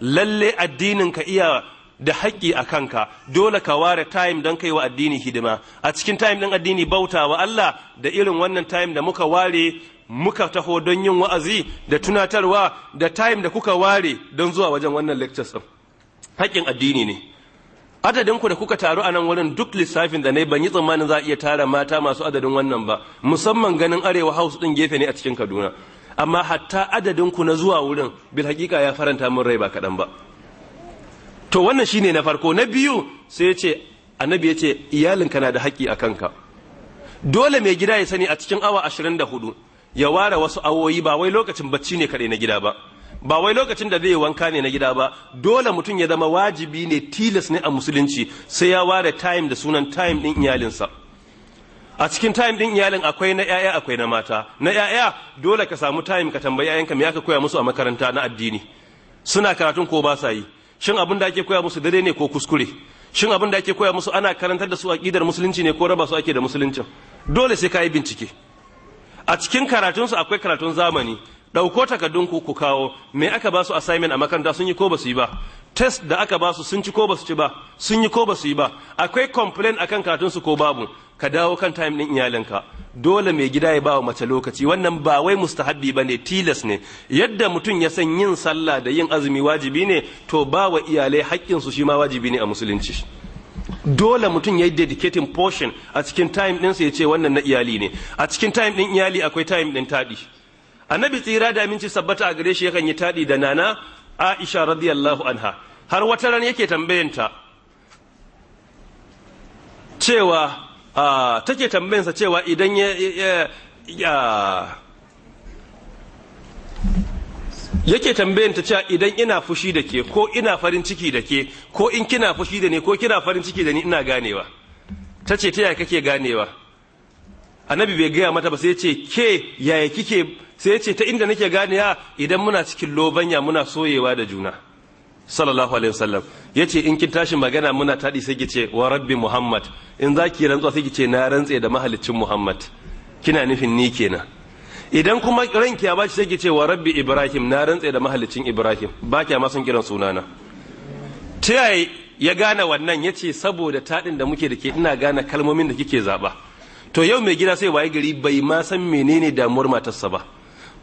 lallai addinin ka iya da haƙƙi a kanka dole ka ware time don kai wa addini hidima a cikin time ɗin addini bauta wa Allah da irin wannan time da muka ware muka taho don yin wa'azi da tunatarwa da time da kuka ware don zuwa wajen wannan lectures ɗin haƙƙin addini ne adadin ku da kuka taru a nan wurin duk lissafin da nayi ban yi tsammanin za a iya tara mata masu adadin wannan ba musamman ganin arewa house din gefe ne a cikin kaduna amma hatta adadin ku na zuwa wurin bil hakika ya faranta min rai ba kaɗan ba to wannan shine na farko na biyu sai ce annabi ya ce iyalinka na da haƙƙi a kanka dole mai gida ya sani a cikin awa 24 ya ware wasu awoyi ba wai lokacin bacci ne kaɗai na gida ba ba wai lokacin da zai wanka ne na gida ba dole mutum ya zama wajibi ne tilas ne a musulunci sai ya ware time da sunan time din iyalinsa a cikin time din iyalin akwai na yaya akwai na mata na yaya dole ka samu time ka tambayi yayanka me aka koya musu a makaranta na addini suna karatun ko ba sa yi shin abin da ake koya musu dare ne ko kuskure shin abin da ake koya musu ana karantar da su aqidar musulunci ne ko raba su ake da musuluncin dole sai ka yi bincike a cikin karatunsu akwai karatun zamani ɗauko takardunku ku ku kawo me aka ba su assignment a makaranta sun yi ko ba su yi ba test da aka ba su sun ci ko ba su ci ba sun yi ko ba su yi ba akwai complain akan su ko babu ka dawo kan time din iyalinka dole mai gida ya bawa mace lokaci wannan ba wai mustahabbi bane tilas ne yadda mutum ya san yin sallah da yin azumi wajibi ne to ba wa iyalai haƙƙin su shi ma wajibi ne a musulunci dole mutum ya yi dedicating portion a cikin time din ɗinsa ya ce wannan na iyali ne a cikin time din iyali akwai time din taɗi annabi tsira da aminci sabbata a gare shi yakan yi taɗi da nana aisha radiyallahu anha har wata ran yake tambayanta cewa take tambayansa cewa idan ya yake ta cewa idan ina fushi da ke ko ina farin ciki da ke ko in kina fushi da ne, ko kina farin ciki da ni ina ganewa ta ce ta yaya kake ganewa annabi bai gaya mata ba sai ce ke yaya kike sai ce ta inda nake ganiya idan muna cikin lobanya muna soyewa da juna sallallahu alaihi wasallam ce in kin tashi magana muna taɗi sai ki ce wa rabbi muhammad in za ki rantsuwa sai ki ce na rantse da mahalicin muhammad kina nufin ni kenan idan kuma ranki ya ba sai kice wa rabbi ibrahim na rantse da mahalicin ibrahim ba kya ma son kiran sunana ta ya gane wannan yace saboda taɗin da muke da ke ina gane kalmomin da kike zaɓa to yau mai gida sai waye gari bai ma san menene damuwar matarsa ba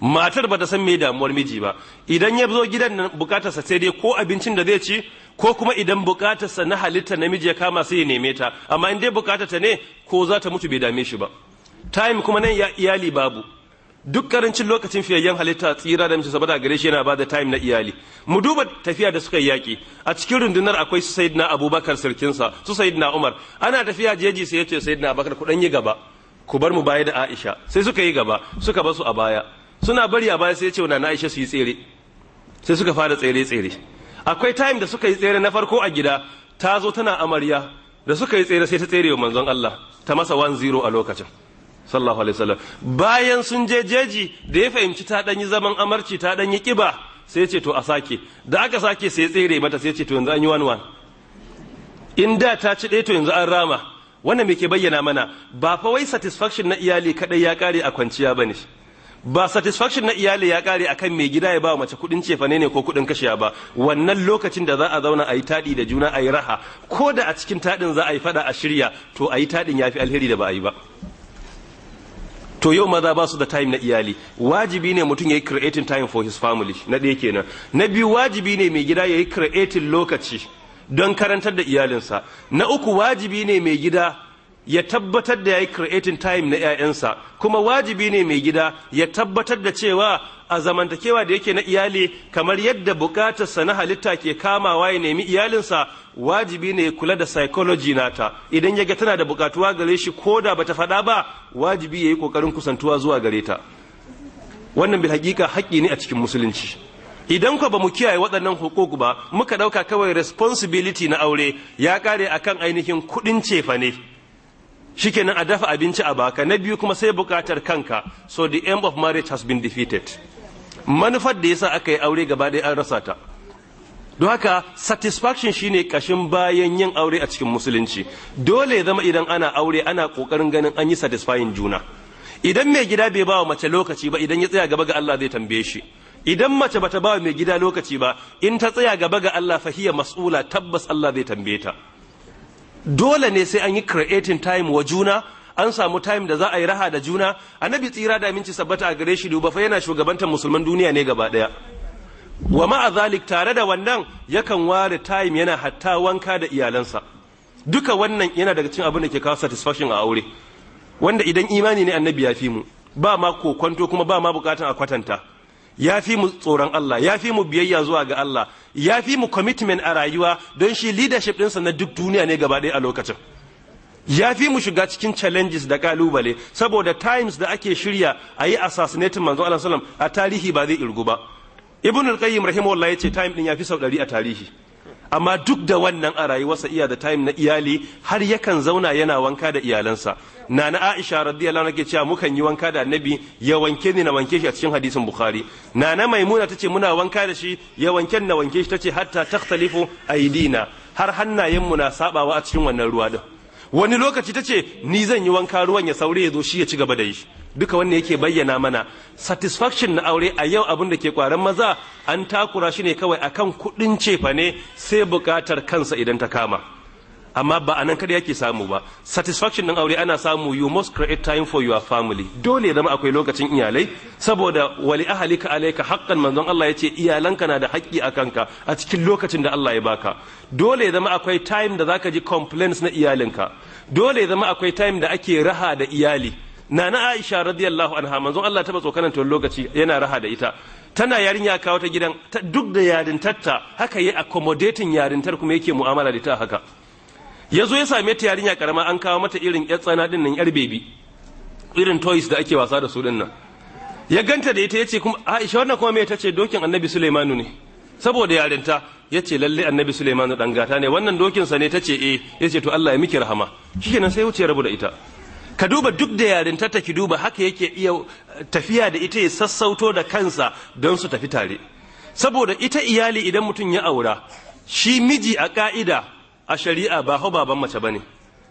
matar ba ta san me damuwar miji ba idan ya zo gidan nan bukatarsa sai dai ko abincin da zai ci ko kuma idan bukatarsa na halitta namiji ya kama sai ya neme ta amma in dai bukatar ta ne ko za ta mutu bai dame shi ba time kuma nan ya iyali babu duk karancin lokacin fiyayyen halitta tsira da mace saboda gare shi yana ba da time na iyali mu duba tafiya da suka yi yaki a cikin rundunar akwai su sayyidina abubakar sirkinsa su sayyidina umar ana tafiya jeji sai ya ce sayyidina abubakar ku yi gaba ku bar mu baya da aisha sai suka yi gaba suka basu a baya suna bari a baya sai ce na Aisha su yi tsere sai suka fara tsere tsere akwai time da suka yi tsere na farko a gida ta zo tana amarya da suka yi tsere sai ta tsere wa manzon Allah ta masa 10 a lokacin sallallahu alaihi wasallam bayan sun je jeji da ya fahimci ta dan zaman amarci ta danyi yi kiba sai ce to a sake da aka sake sai tsere mata sai ce to yanzu an yi wani wani in da ta ci ɗaya to yanzu an rama wannan me ke bayyana mana ba fa wai satisfaction na iyali kaɗai ya kare a kwanciya bane ba satisfaction na iyali ya kare akan mai gida ya ba mace kudin cefane ne ko kudin kashiya ba wannan lokacin da za a zauna a yi taɗi da juna a yi raha ko da a cikin taɗin za a yi faɗa a shirya to a yi taɗin ya fi alheri da ba a yi ba to yau maza ba su da time na iyali wajibi ne mutum ya yi creating time for his family na ɗaya kenan na biyu wajibi ne mai gida ya yi creating lokaci don karantar da iyalinsa na uku wajibi ne mai gida ya tabbatar da ya yi creating time na 'ya'yansa kuma wajibi ne mai gida ya tabbatar da cewa a zamantakewa da yake na iyali kamar yadda bukatarsa na halitta ke kamawa ya nemi iyalinsa wajibi ne kula da psychology nata idan ya ga tana da bukatuwa gare shi ko da bata faɗa ba wajibi ya yi ƙoƙarin kusantuwa zuwa gare ta wannan bil hakika haƙƙi ne a cikin musulunci idan ko ba mu kiyaye waɗannan hukuku ba muka ɗauka kawai responsibility na aure ya ƙare akan ainihin kuɗin cefane. shikenan a dafa abinci a baka na biyu kuma sai bukatar kanka so the aim of marriage has been defeated manufar da ya sa aka yi aure gaba ɗaya an rasa ta don haka satisfaction shine kashin bayan yin aure a cikin musulunci dole zama idan ana aure ana kokarin ganin an yi satisfying juna idan mai gida bai ba wa mace lokaci ba idan ya tsaya gaba ga Allah zai tambaye shi idan mace bata ba mai gida lokaci ba in ta tsaya gaba ga Allah fahiya mas'ula tabbas Allah zai tambaye ta dole ne sai an yi creating time wa juna an samu time da za a yi raha da juna annabi tsira da aminci sabbata a gare shi duba fa yana shugabantar musulman duniya ne gaba daya wa ma zalik tare da wannan yakan ware time yana hatta wanka da iyalansa duka wannan yana daga cikin abin da ke kawo satisfaction a aure wanda idan imani ne annabi ya fi mu ba ma kokonto kuma ba ma bukatan a kwatanta ya fi mu tsoron Allah ya fi mu biyayya zuwa ga Allah ya fi mu commitment a rayuwa don shi leadership ɗinsa na duk duniya ne gaba ɗaya a lokacin ya fi mu shiga cikin challenges da kalubale saboda times da ake shirya a yi assassinating manzo Allah a tarihi ba zai irgu ba ibn al-qayyim rahimahullah ce time din ya fi sau ɗari a tarihi amma duk da wannan a rayuwarsa iya da time na iyali har yakan zauna yana wanka da iyalansa nana aisha radiyallahu anha ke cewa mukan yi wanka da annabi ya wanke ni na wanke shi a cikin hadisin bukhari nana maimuna tace muna wanka da shi ya wanke ni na wanke shi tace hatta takhtalifu aidina har hannayenmu na sabawa a cikin wannan ruwa din wani lokaci ta ce ni zan yi wanka ruwan ya saure ya zo shi ya ci gaba da yi duka wannan yake bayyana mana satisfaction na aure a yau abin da ke kwaran maza an takura shi ne kawai akan kudin cefa ne sai bukatar kansa idan ta kama amma ba anan kada yake samu ba satisfaction din aure ana samu you must create time for your family dole zama akwai lokacin iyalai saboda wali ahalika alayka haqqan manzon Allah yace iyalanka na da haƙƙi akan ka a cikin lokacin da Allah ya baka dole zama akwai time da zaka ji complaints na iyalinka dole zama akwai time da ake raha da iyali nana Aisha radiyallahu anha manzon Allah taba tsokanan ta lokaci yana raha da ita tana yarinya kawo ta gidan duk da yarintarta haka yi accommodating yarintar kuma yake mu'amala da ita haka ya zo ya same ta yarinya karama an kawo mata irin yar tsana din nan yar bebi irin toys da ake wasa da su din nan ya ganta da ita yace kuma Aisha wannan kuma me tace dokin Annabi Sulaimanu ne saboda yarinta yace lalle Annabi Sulaimanu dan gata ne wannan dokin sa ne tace eh yace to Allah ya miki rahama shikenan sai wuce rabu da ita ka duba duk da yarinta ta ki duba haka yake iya eh, tafiya da ita ya sassauto da kansa don su tafi tare saboda ita iyali idan mutum ya aura shi miji a ka'ida a shari'a ba hau baban mace bane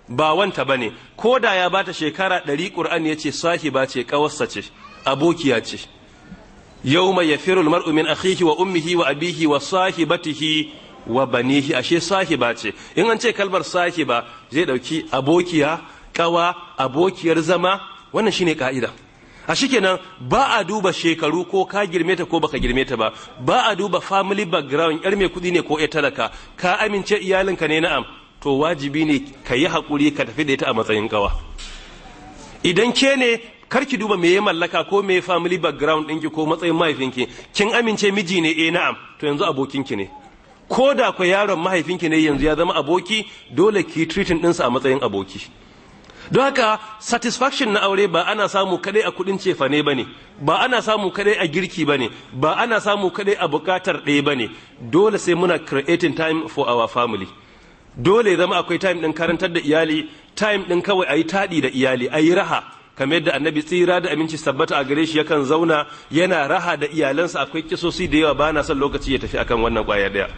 ba wanta bane ko da ya bata shekara ɗari ƙur'ani ya ce sahiba ce ƙawarsa ce abokiya ce Yau mai yafirul mar'u min akhihi wa ummihi wa abihi wa sahibatihi wa banihi ashe sahiba ce in an ce kalmar ba zai ɗauki abokiya ƙawa abokiyar zama wannan shine ka'ida a kenan ba a duba shekaru ko ka girme ta ko baka girme ta ba ba a duba family background yar mai kuɗi ne ko ya talaka ka amince iyalinka ne na'am to wajibi ne ka yi haƙuri ka tafi da ita a matsayin kawa idan ke ne kar ki duba me ya mallaka ko me family background ɗinki ko matsayin mahaifinki kin amince miji ne eh na'am to yanzu abokinki ne ko da ku yaron mahaifinki ne yanzu ya zama aboki dole ki treating ɗinsa a matsayin aboki don haka satisfaction na aure ba ana samu kadai a kudin cefane ba ne ba ana samu kadai a girki ba ba ana samu kadai a bukatar ɗaya ba ne dole sai muna creating time for our family dole zama akwai time din karantar da iyali time ɗin kawai a yi taɗi da iyali a yi raha kamar yadda annabi tsira da aminci sabbata a gare shi yakan zauna yana raha da iyalansa akwai kisosi da yawa ba na son lokaci ya tafi akan wannan kwaya daya.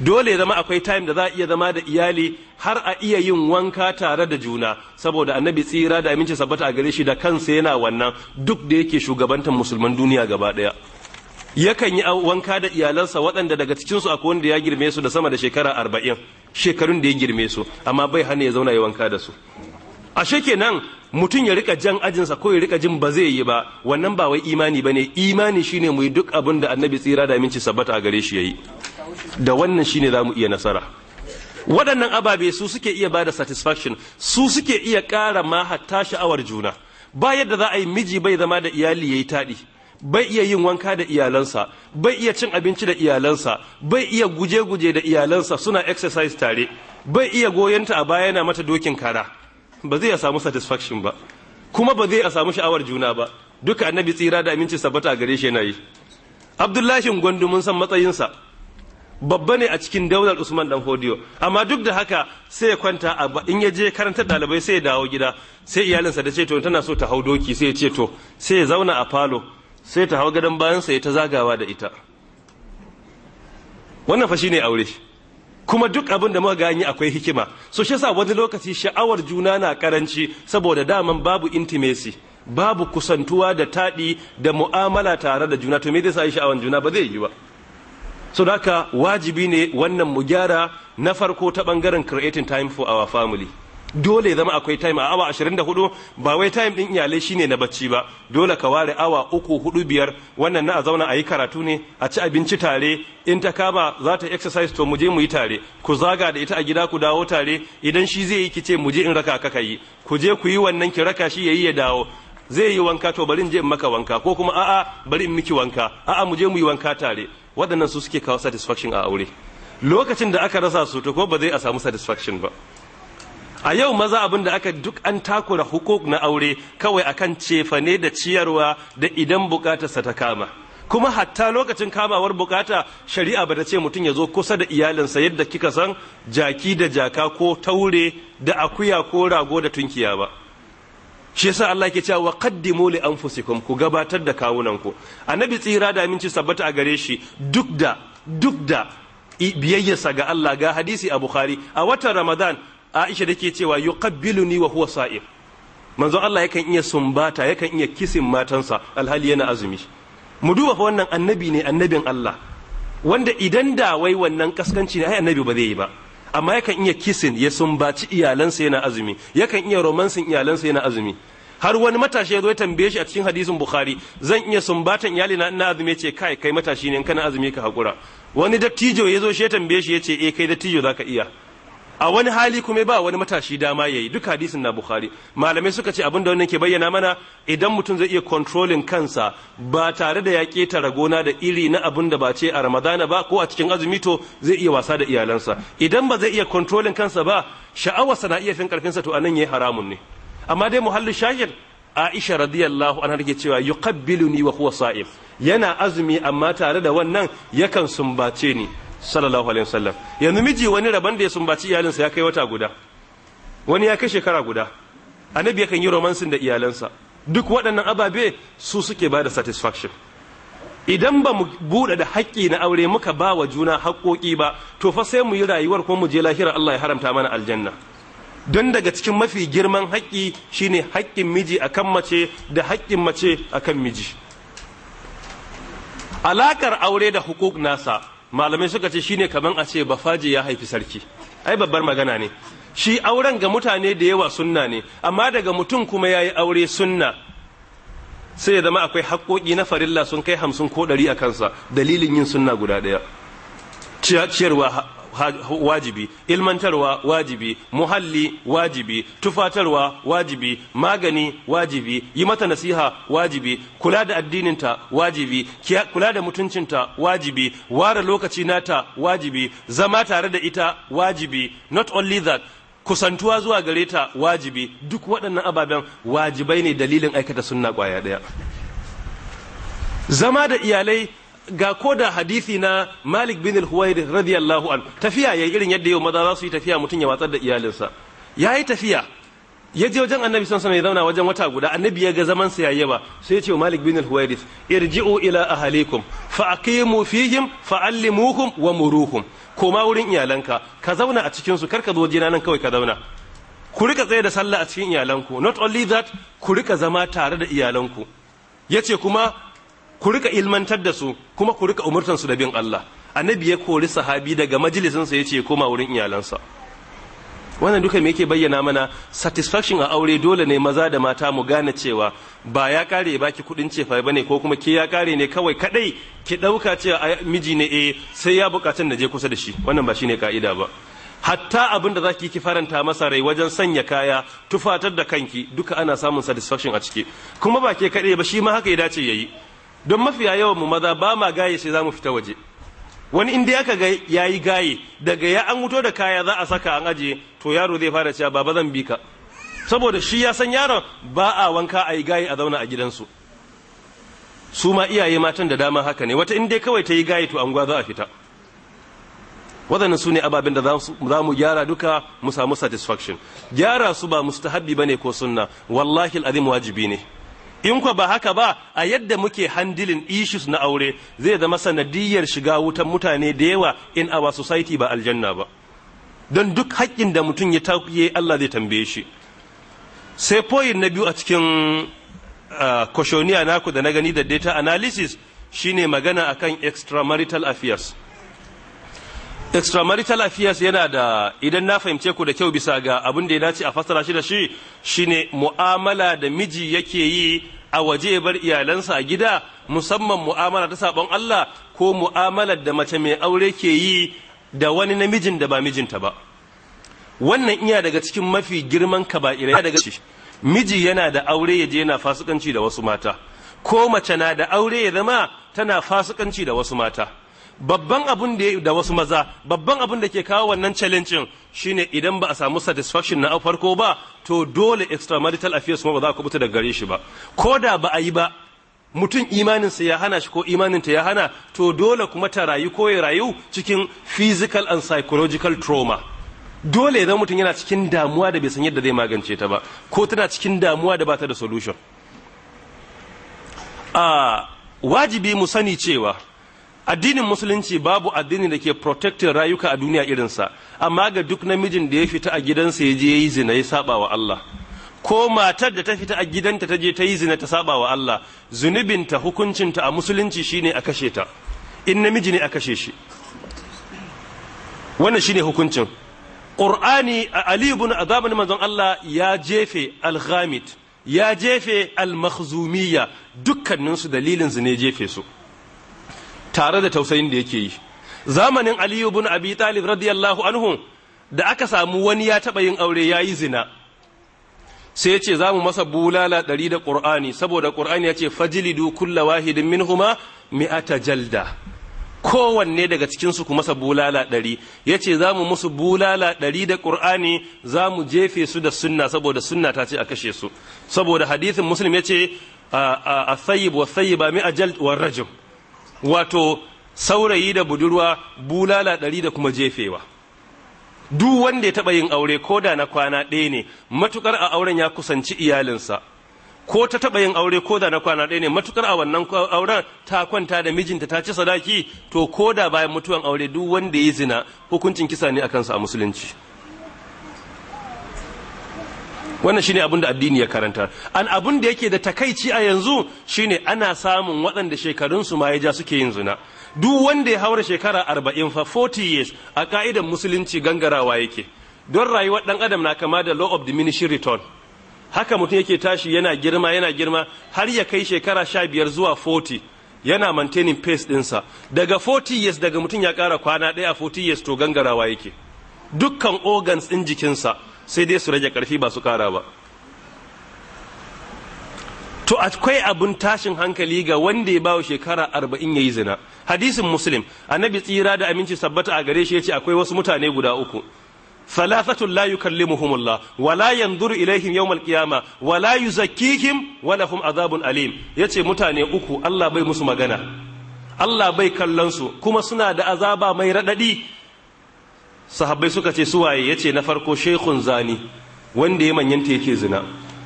dole ya zama akwai time da za a iya zama da iyali har a iya yin wanka tare da juna saboda annabi tsira da aminci sabbata a gare shi da kansa yana wannan duk da yake shugabantar musulman duniya gaba daya yakan yi wanka da iyalansa waɗanda daga cikin su akwai wanda ya girme su da sama da shekara arba'in shekarun da ya girme su amma bai hana ya zauna ya wanka da su ashe kenan mutum ya rika jan ajinsa ko ya rika jin ba zai yi ba wannan ba wai imani ba ne imani shine mu yi duk abin da annabi tsira da aminci sabbata a gare shi ya yi. da wannan shine za mu iya nasara waɗannan ababe su suke iya bada da satisfaction su suke iya ƙara ma hatta sha'awar juna ba yadda za a yi miji bai zama da iyali ya yi taɗi bai iya yin wanka da iyalansa bai iya cin abinci da iyalansa bai iya guje-guje da iyalansa suna exercise tare bai iya goyonta a baya yana mata dokin kara ba zai samu satisfaction ba kuma ba zai ya samu sha'awar juna ba duka annabi tsira da aminci sabbata a gare shi yana yi abdullahi gwandu mun san matsayinsa babba ne a cikin daular Usman dan Fodiyo amma duk da haka sai ya kwanta a in ya je karantar dalibai sai ya dawo gida sai iyalinsa da ce to tana so ta hau doki sai ya ce to sai ya zauna a falo sai ta hau gadon bayan sa ya ta zagawa da ita wannan fa ne aure kuma duk abin da muka gani akwai hikima so shi yasa wani lokaci sha'awar juna na karanci saboda daman babu intimacy babu kusantuwa da taɗi da mu'amala tare da juna to me zai sa sha'awar juna ba zai yi ba so daga wajibi ne wannan mu gyara na farko ta bangaren creating time for our family dole zama akwai time a awa 24 ba wai time din iyalai shine na bacci ba dole ka ware awa uku hudu biyar wannan na a zauna a yi karatu ne a ci abinci tare in ta kama za ta exercise to mu je mu yi tare ku zaga da ita a gida ku dawo tare idan shi zai yi ki ce mu je in raka ka yi ku je ku yi wannan ki raka shi yayi ya dawo zai yi wanka to bari in je in maka wanka ko kuma a'a bari in miki wanka a'a mu je mu yi wanka tare waɗannan su suke kawo satisfaction a aure lokacin da aka rasa su to ko ba zai a samu satisfaction ba a yau maza abin da aka duk an takura hukuk na aure kawai akan cefane da ciyarwa da idan sa ta kama kuma hatta lokacin kamawar bukata shari'a ba ta ce mutum ya zo kusa da iyalinsa yadda kika san jaki da jaka ko taure da akuya ko rago da tunkiya ba shi yasa Allah ke cewa qaddimu li anfusikum ku gabatar da kawunanku annabi tsira da aminci sabbata a gare shi duk da duk da biyayyarsa ga Allah ga hadisi a Bukhari a watan Ramadan Aisha dake cewa yuqabbiluni wa huwa sa'im manzo Allah yakan iya sumbata yakan iya kisin matansa alhali yana azumi mu duba wannan annabi ne annabin Allah wanda idan da wai wannan kaskanci ne ai annabi ba zai yi ba amma yakan iya kisin ya sumbaci iyalansa yana azumi yakan iya romansin iyalansa yana azumi har wani matashi ya zo ya tambaye shi a cikin hadisin bukhari zan iya sumbatan iyali na ina azumi ce kai kai matashi ne in kana azumi ka hakura wani dattijo ya zo shi ya tambaye shi ya ce eh kai dattijo zaka iya a wani hali kuma ba wani matashi dama yayi duk hadisin na bukhari malamai suka ce abinda wannan ke bayyana mana idan mutum zai iya controlling kansa ba tare da ya ketara gona da iri na abin da ba ce a ramadana ba ko a cikin azumi to zai iya wasa da iyalansa idan ba zai iya controlling kansa ba sha'awarsa na iya fin karfinsa to anan yayi haramun ne amma dai muhallin shahid Aisha radiyallahu anha take cewa yuqabbiluni wa huwa sa'if yana azumi amma tare da wannan yakan sumbace ni sallallahu alaihi wasallam yanzu miji wani rabon da ya sumbaci iyalinsa ya kai wata guda wani ya kai shekara guda annabi yakan yi romansin da iyalansa duk waɗannan ababe su suke ba da satisfaction idan ba mu buɗe da haƙƙi na aure muka ba wa juna haƙƙoƙi ba to fa sai mu yi rayuwar ko mu je lahira Allah ya haramta mana aljanna don daga cikin mafi girman haƙƙi shine haƙƙin miji akan mace da haƙƙin mace akan miji alakar aure da hukuk nasa malamai suka ce shine kaman a ce bafaje ya haifi sarki ai babbar magana ne shi auren ga mutane da yawa sunna ne amma daga mutum kuma ya yi aure sunna sai ya zama akwai haƙoƙi na farilla sun kai hamsin ko ɗari a kansa dalilin yin sunna guda ɗaya ciyarwa wajibi ilmantarwa wajibi muhalli wajibi tufatarwa wajibi magani wajibi yi mata nasiha wajibi kula da addininta wajibi kula da mutuncinta wajibi ware lokaci nata wajibi zama tare da ita wajibi not only that kusantuwa zuwa gare ta wajibi duk waɗannan ababen wajibai ne dalilin aikata sunna ƙwaya ɗaya zama da iyalai ga ko da hadisi na Malik bin al radiyallahu an tafiya yayi irin yadda yau maza za su yi tafiya mutun ya watsar da iyalinsa yayi tafiya ya je wajen annabi sun sama ya zauna wajen wata guda annabi ya ga zaman sa yayi ba sai ya ce Malik bin al irji'u ila ahalikum fa aqimu fihim fa allimuhum wa muruhum koma wurin iyalanka ka zauna a cikin su karka zo jina nan kawai ka zauna ku rika tsaye da sallah a cikin iyalanku not only that ku rika zama tare da iyalanku yace kuma ku rika ilmantar da su kuma ku rika umurtan su da bin Allah annabi ya kori sahabi daga majalisin sa yace koma wurin iyalansa wannan duka me yake bayyana mana satisfaction a aure dole ne maza da mata mu gane cewa ba ya kare baki kudin cefa bane ko kuma ke ya kare ne kawai kadai ki dauka cewa miji ne eh sai ya bukatun na je kusa da shi wannan ba shine ka'ida ba hatta abin da zaki ki ki faranta masa rai wajen sanya kaya tufatar da kanki duka ana samun satisfaction a ciki kuma ba ke kaɗai ba shi ma haka ya dace ya yi don mafiya yawan mu maza ba ma gaye sai za mu fita waje wani inda ya ga ya yi gaye daga ya an wuto da kaya za a saka an ajiye to yaro zai fara cewa baba zan bi ka saboda shi ya san yaron ba a wanka a yi gaye a zauna a gidansu su ma iyaye matan da dama haka ne wata inda kawai ta yi gaye to anguwa za a fita waɗannan su ne ababen da za mu gyara duka mu samu satisfaction gyara su ba mustahabbi bane ko sunna wallahi al'azim wajibi ne in kuwa ba haka ba a yadda muke handilin issues na aure zai zama sanadiyar shiga wutan mutane da yawa in our society ba aljanna ba don duk haƙƙin da mutum ya taƙiye Allah zai tambaye shi sai na biyu a cikin koshoniya naku da na gani da data analysis shine magana akan extramarital affairs extramarital affairs yana da idan na fahimce ku da kyau bisa ga abin da ya dace a fassara shi da shi shine mu'amala da miji yake yi a waje bar iyalansa a gida musamman mu'amala ta sabon Allah ko mu'amalar da mace mai aure ke yi da wani namijin da ba mijinta ba wannan iya daga cikin mafi girman kaba'ira daga miji yana da aure ya je yana fasikanci da wasu mata ko mace na da aure ya zama tana fasikanci da wasu mata babban abun da da wasu maza babban abun da ke kawo wannan challenge shine idan ba a samu satisfaction na farko ba to dole extramarital affairs ma ba za ku fita daga gare shi ba ko da ba a yi ba mutum imaninsa ya hana shi ko imanin ta ya hana to dole kuma ta rayu ko ya rayu cikin physical and psychological trauma dole idan mutum yana cikin damuwa da bai san yadda zai magance ta ba ko tana cikin damuwa da bata ta da solution a ah, wajibi mu sani cewa addinin musulunci babu addini da ke protectin rayuka a duniya irinsa amma ga duk namijin da ya fita a gidansa ya je ya yi zina ya saba wa Allah ko matar da ta fita a gidanta ta je ta yi zina ta saba wa Allah zunubinta hukuncinta a musulunci shine a kashe ta in namiji ne a kashe shi wannan shine hukuncin qur'ani ali ibn azab manzon Allah ya jefe al-ghamit ya jefe al-makhzumiyya dukkaninsu dalilin zine jefe su tare da tausayin da yake yi zamanin aliyu bin abi talib radiyallahu anhu da aka samu wani ya taɓa yin aure ya yi zina sai ya ce za mu masa bulala ɗari da ƙur'ani saboda ƙur'ani ya ce fajilidu kulla wahidin min huma mi'ata jalda kowanne daga cikinsu ku masa bulala ɗari ya ce za mu musu bulala ɗari da ƙur'ani za mu jefe su da sunna saboda sunna ta ce a kashe su saboda hadithin muslim ya ce a sayyib wa sayyiba mi'a jal wa rajim wato saurayi da budurwa bulala ɗari da kuma jefewa duk wanda ya taɓa yin aure ko da na kwana ɗaya ne matuƙar a auren ya kusanci iyalinsa ko ta taɓa yin aure ko da na kwana ɗaya ne matuƙar a wannan auren ta kwanta da mijinta ta ci sadaki to ko da bayan mutuwan aure duk wanda ya zina hukuncin kisa ne a kansa a musulunci wannan shine abin da addini ya karanta an abin da yake da takaici a yanzu shine ana samun waɗanda shekarunsu ma ya ja suke yin zina duk wanda ya haura shekara arba'in fa 40 years a ka'idar musulunci gangarawa yake don rayuwar ɗan adam na kama da law of diminishing return haka mutum yake tashi yana girma yana girma har ya kai shekara sha biyar zuwa 40 yana maintaining pace ɗinsa daga 40 years daga mutum ya ƙara kwana ɗaya 40 years to gangarawa yake dukkan organs ɗin jikinsa sai dai su rage karfi ba su kara ba to akwai abun tashin hankali ga wanda ya bawa shekara arba'in ya yi zina hadisin muslim annabi tsira da aminci sabbata a gare shi ya ce akwai wasu mutane guda uku thalathatun la yukallimuhumullah wa yanzuru ilaihim yawmal qiyama wa yuzakkihim wa azabun alim yace mutane uku Allah bai musu magana Allah bai kallon su kuma suna da azaba mai raɗaɗi. sahabbai suka ce su suwaye yace na farko shekun zani wanda ya manyanta yake zina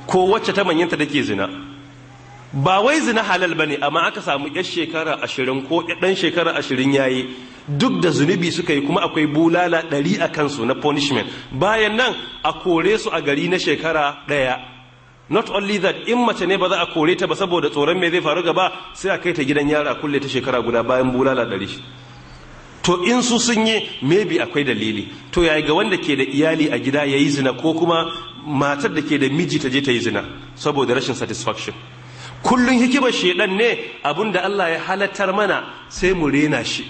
ko wacce ta manyanta take zina ba wai zina halal ba ne amma aka samu yar shekara ashirin ko ɗan shekara ashirin yayi duk da zunubi suka yi kuma akwai bulala ɗari a kansu na punishment bayan nan a kore su a gari na shekara ɗaya not only that in mace ne ba za a kore ta ba saboda tsoron me zai faru gaba sai a kai ta gidan yara kulle ta shekara guda bayan bulala ɗari to in su sun yi maybe akwai dalili to yayi ga wanda ke da iyali a gida ya yi zina ko kuma matar da ke da miji ta je ta yi zina saboda rashin satisfaction kullun hikimar shedan ne da Allah ya halattar mana sai mu rena shi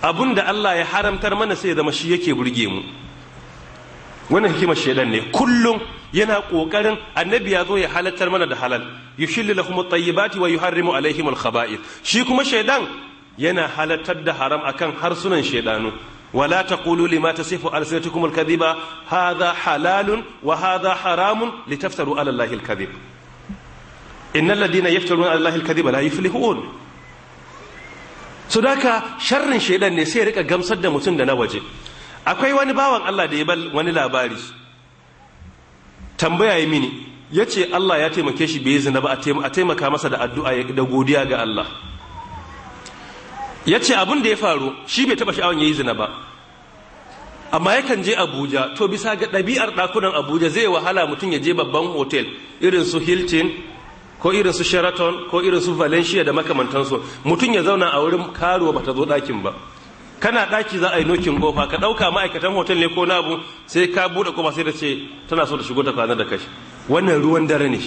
da Allah ya haramtar mana sai ya zama shi yake burge mu wannan hikimar shedan ne kullum yana kokarin annabi ya zo ya halattar mana da halal yushillu lahumut tayyibati wa yuharrimu alaihimul khabaith shi kuma shedan yana halattar da haram akan harsunan shaidanu wala taqulu lima tasifu alsinatukum alkadhiba hadha halalun wa hadha haramun litaftaru ala allahi alkadhib innal ladina yaftaru ala allahi alkadhiba la yuflihun so daka sharrin shaidan ne sai ya rika gamsar da mutum da na waje akwai wani bawan Allah da ya bal wani labari tambaya yi mini yace Allah ya taimake shi bai zina ba a taimaka masa da addu'a da godiya ga Allah ya ce abin da ya faru shi bai taba sha'awar yayi zina ba amma yakan je abuja to bisa ga ɗabi'ar ɗakunan abuja zai wahala mutum ya je babban hotel irin su hilton ko irin su sheraton ko irin su valencia da makamantansu mutum ya zauna a wurin karuwa bata zo ɗakin ba kana ɗaki za a yi nokin kofa ka ɗauka ma'aikatan hotel ne ko na abu sai ka buɗe kofa sai da ce tana so ta shigo ta kwana da kashi wannan ruwan dare ne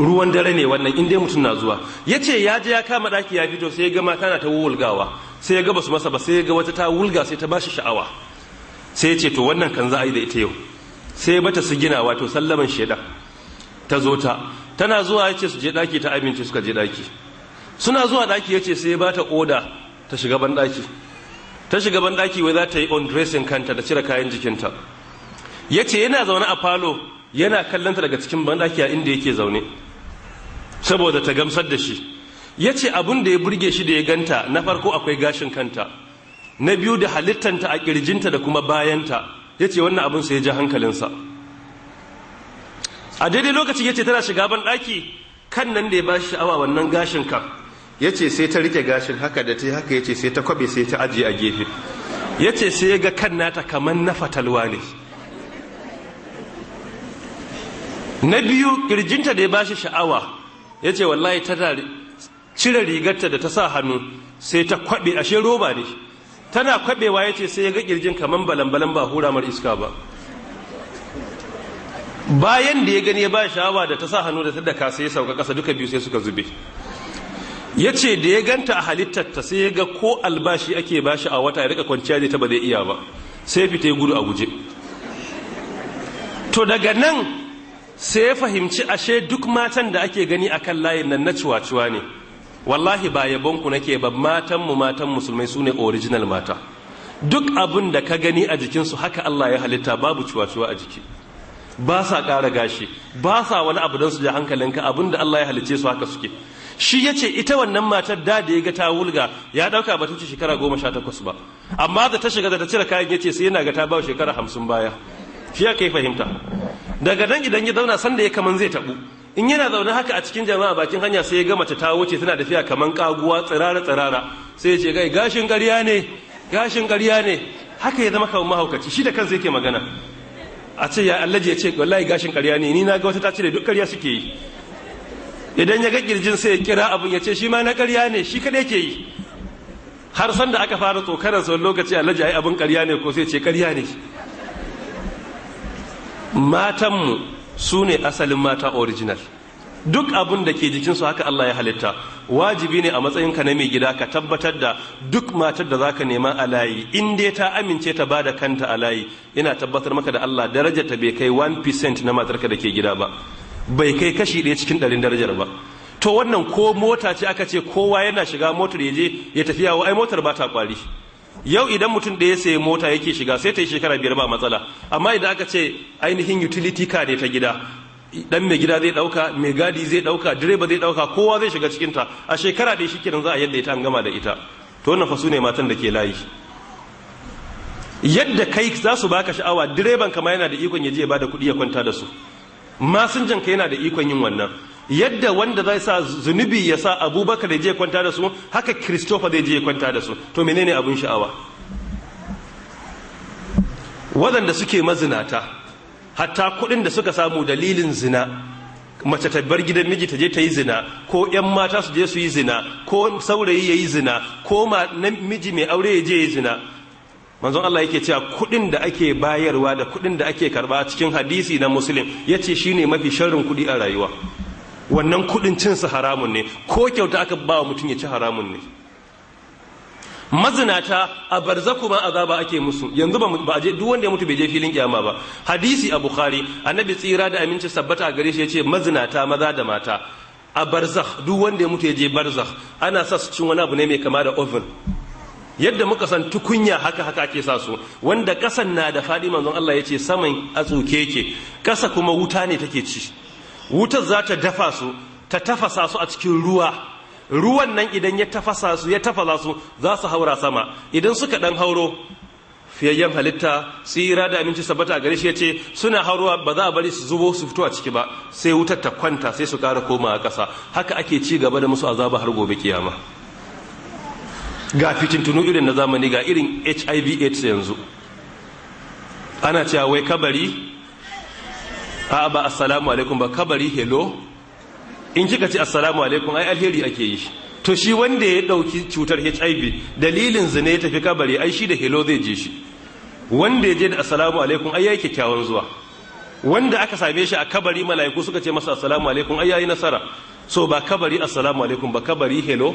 ruwan dare ne wannan inda mutum na zuwa ya ce ya je ya kama ɗaki ya fito sai ya ga mata na ta wulgawa sai ya ga basu masa ba sai ya ga wata ta wulga sai ta bashi sha'awa sai ya ce to wannan kan za a yi da ita yau sai bata su gina wato sallaman shaidan ta zo ta tana zuwa ya ce su je ɗaki ta amince suka je ɗaki suna zuwa ɗaki ya ce sai ba ta oda ta shiga ban daki ta shiga ban daki wai za ta yi on-dressing kanta da cire kayan jikinta ya ce yana zaune a falo yana kallonta daga cikin ban daki a inda yake zaune saboda ta gamsar da shi ya ce abin da ya burge shi da ya ganta na farko akwai gashin kanta na biyu da halittanta a kirjinta da kuma bayanta ya ce wannan abin sai ya ji hankalinsa a daidai lokacin ya ce tana shiga ban ɗaki kan nan da ya ba shi sha'awa wannan gashin kan ya ce sai ta rike gashin haka da ta yi haka ya ce sai ta kwabe sai ta ajiye a gefe ya ce sai ya ga kan nata kamar na fatalwa ne na biyu kirjinta da ya ba shi sha'awa ya ce wallahi ta cire rigarta da ta sa hannu sai ta kwabe ashe roba ne tana kwaɓewa ya ce sai ya ga kirjin kamar balan-balan ba hura mar iska ba bayan da ya gani ya ba shawa da ta sa hannu da ta daka sai ya sauka kasa duka biyu sai suka zube ya ce da ya ganta a halittarta sai ya ga ko albashi ake bashi a wata ya rika kwanciya ne ta ba zai iya ba sai fita ya gudu a guje to daga nan sai ya fahimci ashe duk matan da ake gani a kan layin nan na ciwaciwa ne wallahi ba yabonku nake ba matanmu matan musulmai su ne original mata duk abin da ka gani a jikinsu haka Allah ya halitta babu ciwaciwa a jiki ba sa ƙara gashi ba sa wani abu don su ja hankalinka abin da Allah ya halicce su haka suke shi ya ce ita wannan matar da da ya ga ta wulga ya ɗauka ba ta shekara goma sha takwas ba amma da ta shiga da ta cire kayan ya ce sai yana ga ta ba shekara hamsin baya shi ya kai fahimta daga nan idan ya zauna sanda ya kaman zai tabu in yana zaune haka a cikin jama'a bakin hanya sai ya gama ta ta wuce tana tafiya kaman kaguwa tsirara tsirara sai ya ce gai gashin ƙarya ne gashin ƙarya ne haka ya zama kawo mahaukaci shi da kansa yake magana a ce ya allaji ya ce wallahi gashin ƙarya ne ni na ga wata ta cire duk ƙarya suke yi idan ya ga kirjin sai ya kira abun ya ce shi ma na ƙarya ne shi kadai ke yi har san da aka fara tsokanar sau lokaci allaji ai abun ƙarya ne ko sai ce ƙarya ne matanmu su ne asalin mata original duk abin da ke jikinsu haka Allah ya halitta wajibi ne a matsayinka na mai gida ka tabbatar da duk matar da zaka nema a layi in ta amince ta ba da kanta a layi ina tabbatar maka da Allah darajar ta bai kai 1% na matarka da ke gida ba bai kai kashi ɗaya cikin ɗarin darajar ba to wannan ko mota ce aka ce kowa yana shiga motar ya je ya tafiya wa ai motar ba ta kwari yau idan mutum da ya sai mota yake shiga sai ta yi shekara biyar ba matsala amma idan aka ce ainihin utility car ne ta gida dan mai gida zai dauka mai gadi zai dauka direba zai dauka kowa zai shiga cikin ta a shekara ɗaya shikenan za a yadda ita an gama da ita to wannan fasu ne matan da ke layi yadda kai za su baka sha'awa direban kama yana da ikon ya je ba da kuɗi ya kwanta da su masinjan ka yana da ikon yin wannan yadda wanda zai sa zunubi ya sa abubakar da je kwanta da su haka christopher zai je kwanta da su to menene abin sha'awa waɗanda suke mazinata hatta kuɗin da suka samu dalilin zina mace ta bar gidan miji ta je ta yi zina ko 'yan mata su je su yi zina ko saurayi ya yi zina ko miji mai aure ya je ya yi zina manzon Allah yake cewa kuɗin da ake bayarwa da kuɗin da ake karba cikin hadisi na musulun ya ce shine mafi sharrin kuɗi a rayuwa wannan kudin cinsa haramun ne ko kyauta aka ba wa mutum ya ci haramun ne mazinata a barzaku ma azaba ake musu yanzu ba je duk wanda ya mutu bai je filin kiyama ba hadisi a bukhari annabi tsira da aminci sabbata a gare shi ce mazinata maza da mata a barzak duk wanda ya mutu ya je barzak ana sa su cin wani abu ne mai kama da oven yadda muka san tukunya haka haka ake sa su wanda kasan na da fadi manzon Allah yace saman atsuke yake kasa kuma wuta ne take ci wutar za ta dafa su ta tafasa su a cikin ruwa ruwan nan idan ya tafasa su ya tafasa su za su haura sama idan suka dan hauro fiyayyen halitta tsira da aminci sabata gare shi ya ce suna haruwa ba za a bari su zubo su fito a ciki ba sai wutar ta kwanta sai su kara koma a ƙasa haka ake ci gaba da musu azaba har gobe kiyama ga fitintunu irin na zamani ga irin hiv aids yanzu ana cewa wai kabari a ba assalamu alaikum ba kabari hello in kika ce assalamu alaikum ai alheri ake yi to shi wanda ya dauki cutar HIV dalilin zina ya tafi kabari ai shi da hello zai je shi wanda ya je da assalamu alaikum ai yayi kyakkyawan zuwa wanda aka same shi a kabari mala'iku suka ce masa assalamu alaikum ai yayi nasara so ba kabari assalamu alaikum ba kabari hello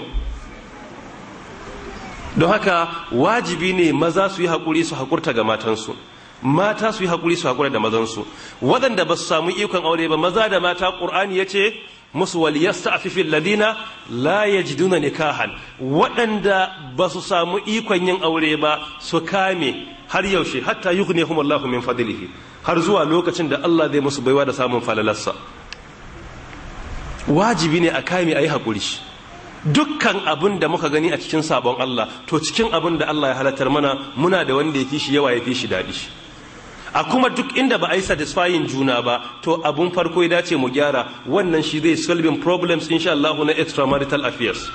don haka wajibi ne maza su yi hakuri su hakurta ga matansu mata su yi hakuri su hakura da mazansu waɗanda ba su samu ikon aure ba maza da mata ƙur'ani ya ce musu waliyasta a fifin ladina la ya ji nikahan waɗanda ba su samu ikon yin aure ba su kame har yaushe hatta yi ne kuma Allah min fadilihi har zuwa lokacin da Allah zai musu baiwa da samun falalarsa wajibi ne a kame a yi haƙuri dukkan abin da muka gani a cikin sabon Allah to cikin abin da Allah ya halattar mana muna da wanda ya fi shi yawa ya fi shi daɗi a kuma duk inda ba a yi satisfying juna ba to abun farko ya dace mu gyara wannan shi zai solving problems insha Allah na extramarital affairs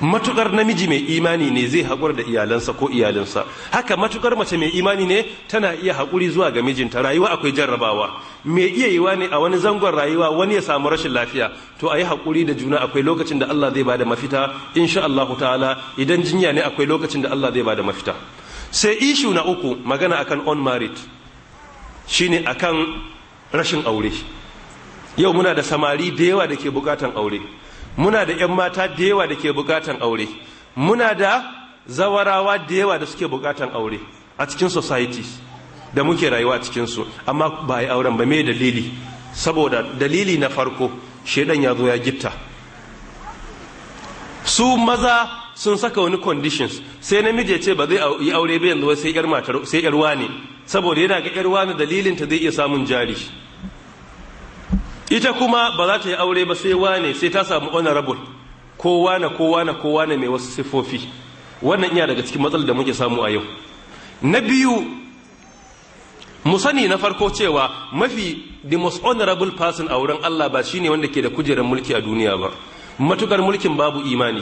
matukar namiji mai imani ne zai haƙura da iyalansa ko iyalinsa haka matukar mace mai imani ne tana iya haƙuri zuwa ga mijinta rayuwa akwai jarrabawa mai iya yiwa ne a wani zangon rayuwa wani ya samu rashin lafiya to a yi haƙuri da juna akwai lokacin da Allah zai bada mafita insha Allah ta'ala idan jinya ne akwai lokacin da Allah zai bada mafita sai ishu na uku magana akan on marit shine akan rashin aure yau muna da samari da yawa da ke bukatan aure muna da 'yan mata da yawa da ke bukatan aure muna da zawarawa da yawa da suke bukatan aure a cikin society da muke rayuwa a su amma ba yi auren ba me dalili saboda dalili na farko shaidan ya zo ya gitta su maza sun saka wani conditions sai namiji ya ce ba zai yi aure ba yanzu sai yar matar sai yar wani saboda yana ga yar wani dalilin ta zai iya samun jari ita kuma ba za ta yi aure ba sai wane sai ta samu honorable ko wane ko ko mai wasu sifofi wannan iya daga cikin matsalar da muke samu a yau na biyu mu sani na farko cewa mafi the most honorable person a wurin Allah ba shine wanda ke da kujerar mulki a duniya ba matukar mulkin babu imani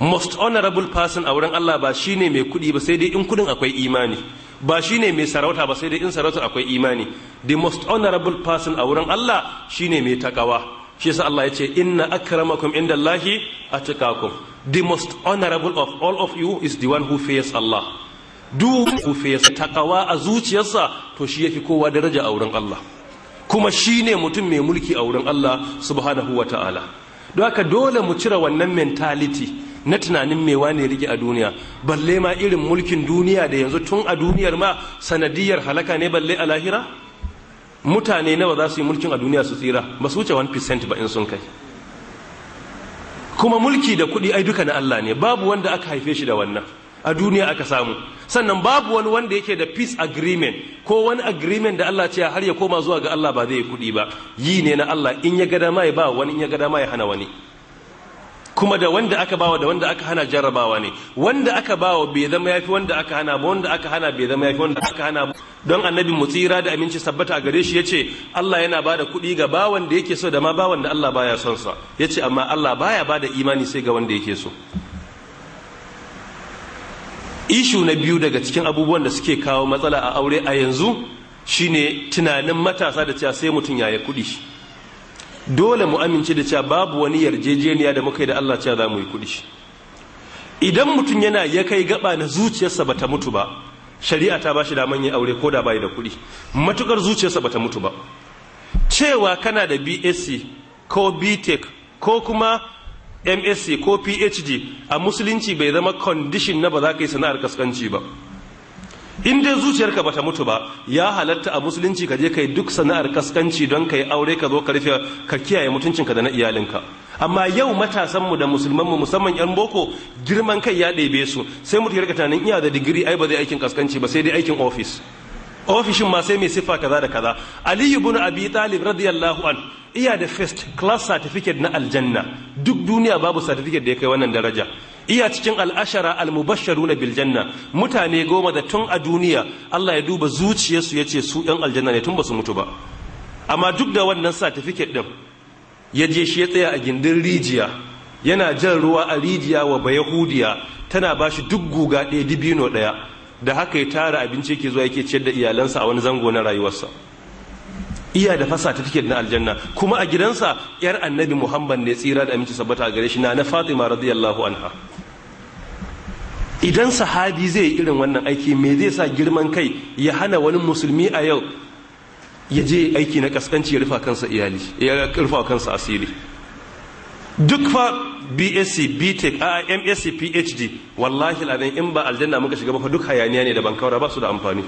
most honorable person a wurin Allah ba shine mai kuɗi ba sai dai in kuɗin akwai imani ba ne mai sarauta ba sai dai in sarauta akwai imani the most honorable person a wurin Allah shine mai takawa shi yasa Allah ya ce inna akramakum indallahi atqakum the most honorable of all of you is the one who fears Allah duk who fears takawa a zuciyarsa to shi yafi kowa daraja a wurin Allah kuma shine mutum mai mulki a wurin Allah subhanahu wataala don haka dole mu cire wannan mentality na tunanin mewa wane rike a duniya balle ma irin mulkin duniya da yanzu tun a duniyar ma sanadiyar halaka ne balle a lahira mutane nawa za su yi mulkin a duniya su tsira ba su wuce 1% ba in sun kai kuma mulki da kuɗi ai duka na Allah ne babu wanda aka haife shi da wannan a duniya aka samu sannan babu wani wanda yake da peace agreement ko wani agreement da Allah ce har ya koma zuwa ga Allah ba zai yi kuɗi ba yi ne na Allah in ya ga dama ya ba wani in ya ga dama ya hana wani kuma da wanda aka bawa da wanda aka hana jarrabawa ne wanda aka bawa bai zama yafi wanda aka hana ba wanda aka hana bai zama yafi wanda aka hana don annabi mutsira da aminci sabbata a gare shi yace Allah yana bada kuɗi ga bawan da yake so da ma bawan da Allah baya son sa yace amma Allah baya bada imani sai ga wanda yake so ishu na biyu daga cikin abubuwan da suke kawo matsala a aure a yanzu shine tunanin matasa da cewa sai mutum yayi kuɗi dole mu amince da cewa babu wani yarjejeniya da muka yi da Allah cewa za mu yi kuɗi idan mutum yana ya kai gaba na zuciyarsa bata mutu ba shari'a ta bashi da manyan aure ko da bai da kuɗi matukar zuciyarsa bata mutu ba cewa kana da BSc ko BTech ko kuma MSc ko PhD a musulunci bai zama condition na ba za ka yi sana'ar kaskanci ba in dai zuciyarka bata mutu ba ya halatta a musulunci ka je kai duk sana'ar kaskanci don kai aure ka zo ka rufe ka kiyaye mutuncinka da na iyalinka amma yau matasanmu da musulmanmu musamman yan boko girman kai ya ɗebe su sai mutu yarka tunanin iya da digiri ai ba zai aikin kaskanci ba sai dai aikin ofis ofishin ma sai mai siffa kaza da kaza ali ibn abi talib radiyallahu an iya da first class certificate na aljanna duk duniya babu certificate da ya kai wannan daraja iya cikin al'ashara al na biljanna mutane goma da tun a duniya Allah ya duba zuciyarsu ya ce su ɗan aljanna ne tun ba su mutu ba amma duk da wannan satifiket ɗin ya je shi ya tsaya a gindin rijiya yana jan ruwa a rijiya wa bayahudiya tana ba shi duk guga ɗaya dibino ɗaya da haka ya tara abinci yake zuwa yake ciyar da iyalansa a wani zango na rayuwarsa iya da fasa ta tiket na aljanna kuma a gidansa yar annabi muhammad ne tsira da aminci sabbata a gare shi na na fatima radiyallahu anha idan sahabi zai yi irin wannan aiki me zai sa girman kai ya hana wani musulmi a yau ya je aiki na kaskanci ya rufa kansa iyali ya rufa kansa asiri duk fa bsc btech a msc phd wallahi ladan in ba aljanna muka shiga ba duk hayaniya ne da ban ba su da amfani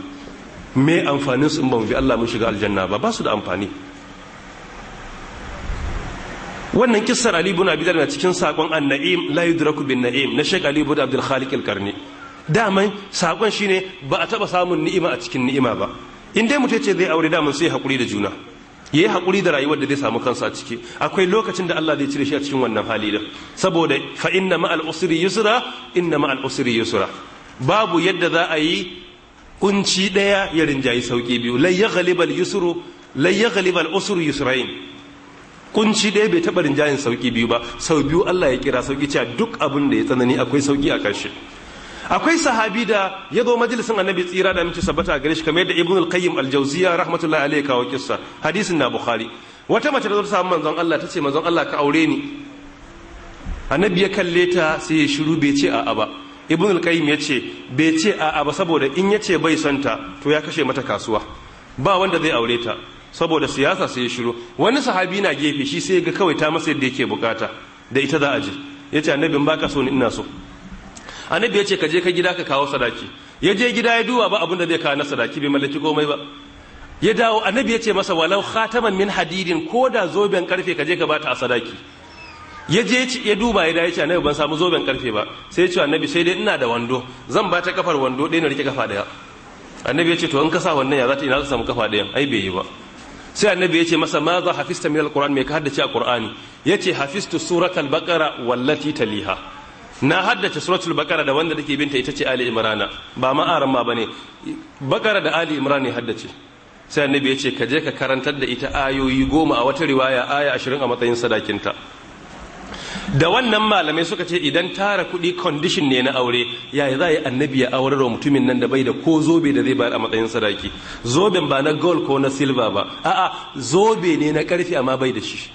me amfanin in ba mu bi Allah mun shiga aljanna ba ba su da amfani wannan kissar ali ibn abi na cikin sakon an-na'im la yudraku bin na'im na shaykh ali ibn abdul khaliq al-karni daman sakon shine ba a taba samun ni'ima a cikin ni'ima ba in dai mutum ce zai aure daman sai hakuri da juna yayi hakuri da rayuwar da zai samu kansa a ciki akwai lokacin da Allah zai cire shi a cikin wannan hali da saboda fa inna ma'al usri yusra inna ma'al usri yusra babu yadda za a yi kunci daya ya rinjayi sauki biyu lai ya ghalibal yusru usru yusrain kunci ɗaya bai taɓa rinjayin sauƙi biyu ba sau biyu Allah ya kira sauƙi cewa duk abin da ya tsanani akwai sauƙi a kan akwai sahabi da ya zo majalisin annabi tsira da mace sabbata gare shi kamar yadda ibn al-qayyim al-jawziya rahmatullahi alayhi kawo kissa hadisin na bukhari wata mace da zo samu manzon Allah ta ce manzon Allah ka aure ni annabi ya kalle ta sai ya shiru bai ce a'a ba ibn al-qayyim ya ce bai ce a'a ba saboda in ya ce bai santa to ya kashe mata kasuwa ba wanda zai aure ta saboda siyasa sai ya shiru wani sahabi na gefe shi sai ga kawai ta masa yadda yake bukata da ita za a je ya ce annabin baka so ni ina so annabi ya ce ka je ka gida ka kawo sadaki ya je gida ya duba ba abin da zai kawo na sadaki bai mallaki komai ba ya dawo annabi ya ce masa walau khataman min hadidin ko da zoben karfe ka je ka bata a sadaki ya je ya duba ya dace annabi ban samu zoben karfe ba sai ya ce annabi sai dai ina da wando zan ba ta kafar wando ɗaya na rike kafa daya annabi ya ce to in ka sa wannan ya za ta ina ta samu kafa ɗayan ai bai yi ba sai annabi ya ce masa ma za hafista min alquran mai ka haddace a ya yace hafistu suratul bakara wallati taliha na haddace suratul bakara da wanda take binta ita ce ali imrana ba ma aran ma bane da ali imrana ya haddace sai annabi ya ce ka je ka karantar da ita ayoyi goma a wata riwaya aya ashirin a matsayin sadakinta da wannan malamai suka ce idan tara kuɗi condition ne na aure yaya za a yi annabi ya aurar wa mutumin nan da bai da ko zobe da zai bayar a matsayin sadaki zoben ba na gold ko na silver ba a'a zobe ne na karfi amma bai da shi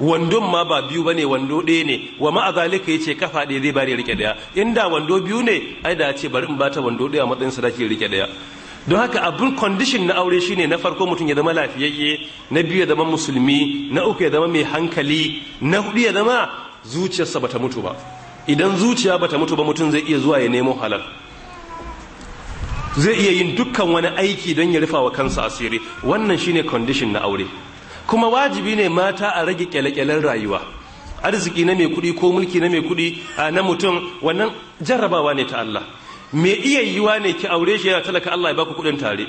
wandon ma ba biyu bane wando ɗaya ne wa ma azalika yace kafa ɗaya zai bari rike daya inda wando biyu ne ai da ce bari in bata wando ɗaya a matsayin sadaki rike daya don haka abin condition na aure shine na farko mutum ya zama lafiyayye na biyu ya zama musulmi na uku ya zama mai hankali na hudu ya zama zuciyarsa bata mutu ba idan zuciya bata mutu ba mutum zai iya zuwa ya nemo halal zai iya yin dukkan wani aiki don ya rufa wa kansa asiri wannan shine condition na aure kuma wajibi ne mata a rage kyale-kyalen rayuwa arziki na mai kuɗi ko mulki na mai kuɗi na mutum wannan jarrabawa ne ta Allah me iya yiwa ne ki aure shi yana talaka Allah ya baku kuɗin tare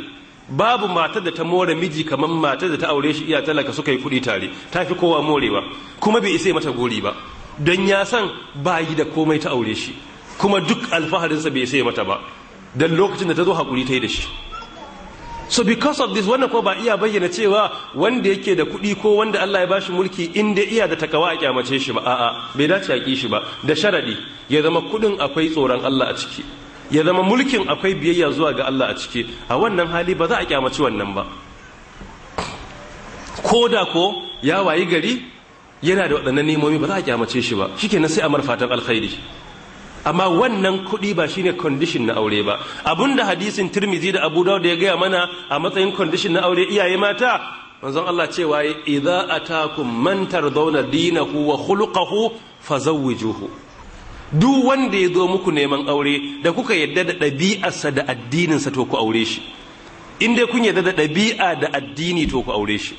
babu matar da ta more miji kamar matar da ta aure shi iya talaka suka yi kuɗi tare ta fi kowa morewa kuma bai isa mata gori ba don ya san ba yi da komai ta aure shi kuma duk alfaharinsa bai isa mata ba don lokacin da ta zo hakuri ta yi da shi so because of this wannan ko ba iya bayyana cewa wanda yake da kuɗi ko wanda Allah ya bashi mulki in da iya da takawa a kyamace shi ba a'a bai dace a ki shi ba da sharadi ya zama kuɗin akwai tsoron Allah a ciki ya zama mulkin akwai biyayya zuwa ga Allah a ciki a wannan hali ba za a kyamaci wannan ba ko da ko ya wayi gari yana da waɗannan nemomi ba za a kyamace shi ba shi shikenan sai a marfatan alkhairi amma wannan kuɗi ba shine condition na aure ba abun da hadisin turmizi da Abu Dawud ya gaya mana a matsayin condition na aure iyaye mata manzon Allah cewa idza atakum man tardawna dinahu wa khuluquhu fazawwijuhu duk wanda ya zo muku neman aure da kuka yadda da ɗabi'arsa da addininsa to ku aure shi in dai kun yadda da ɗabi'a da addini to ku aure shi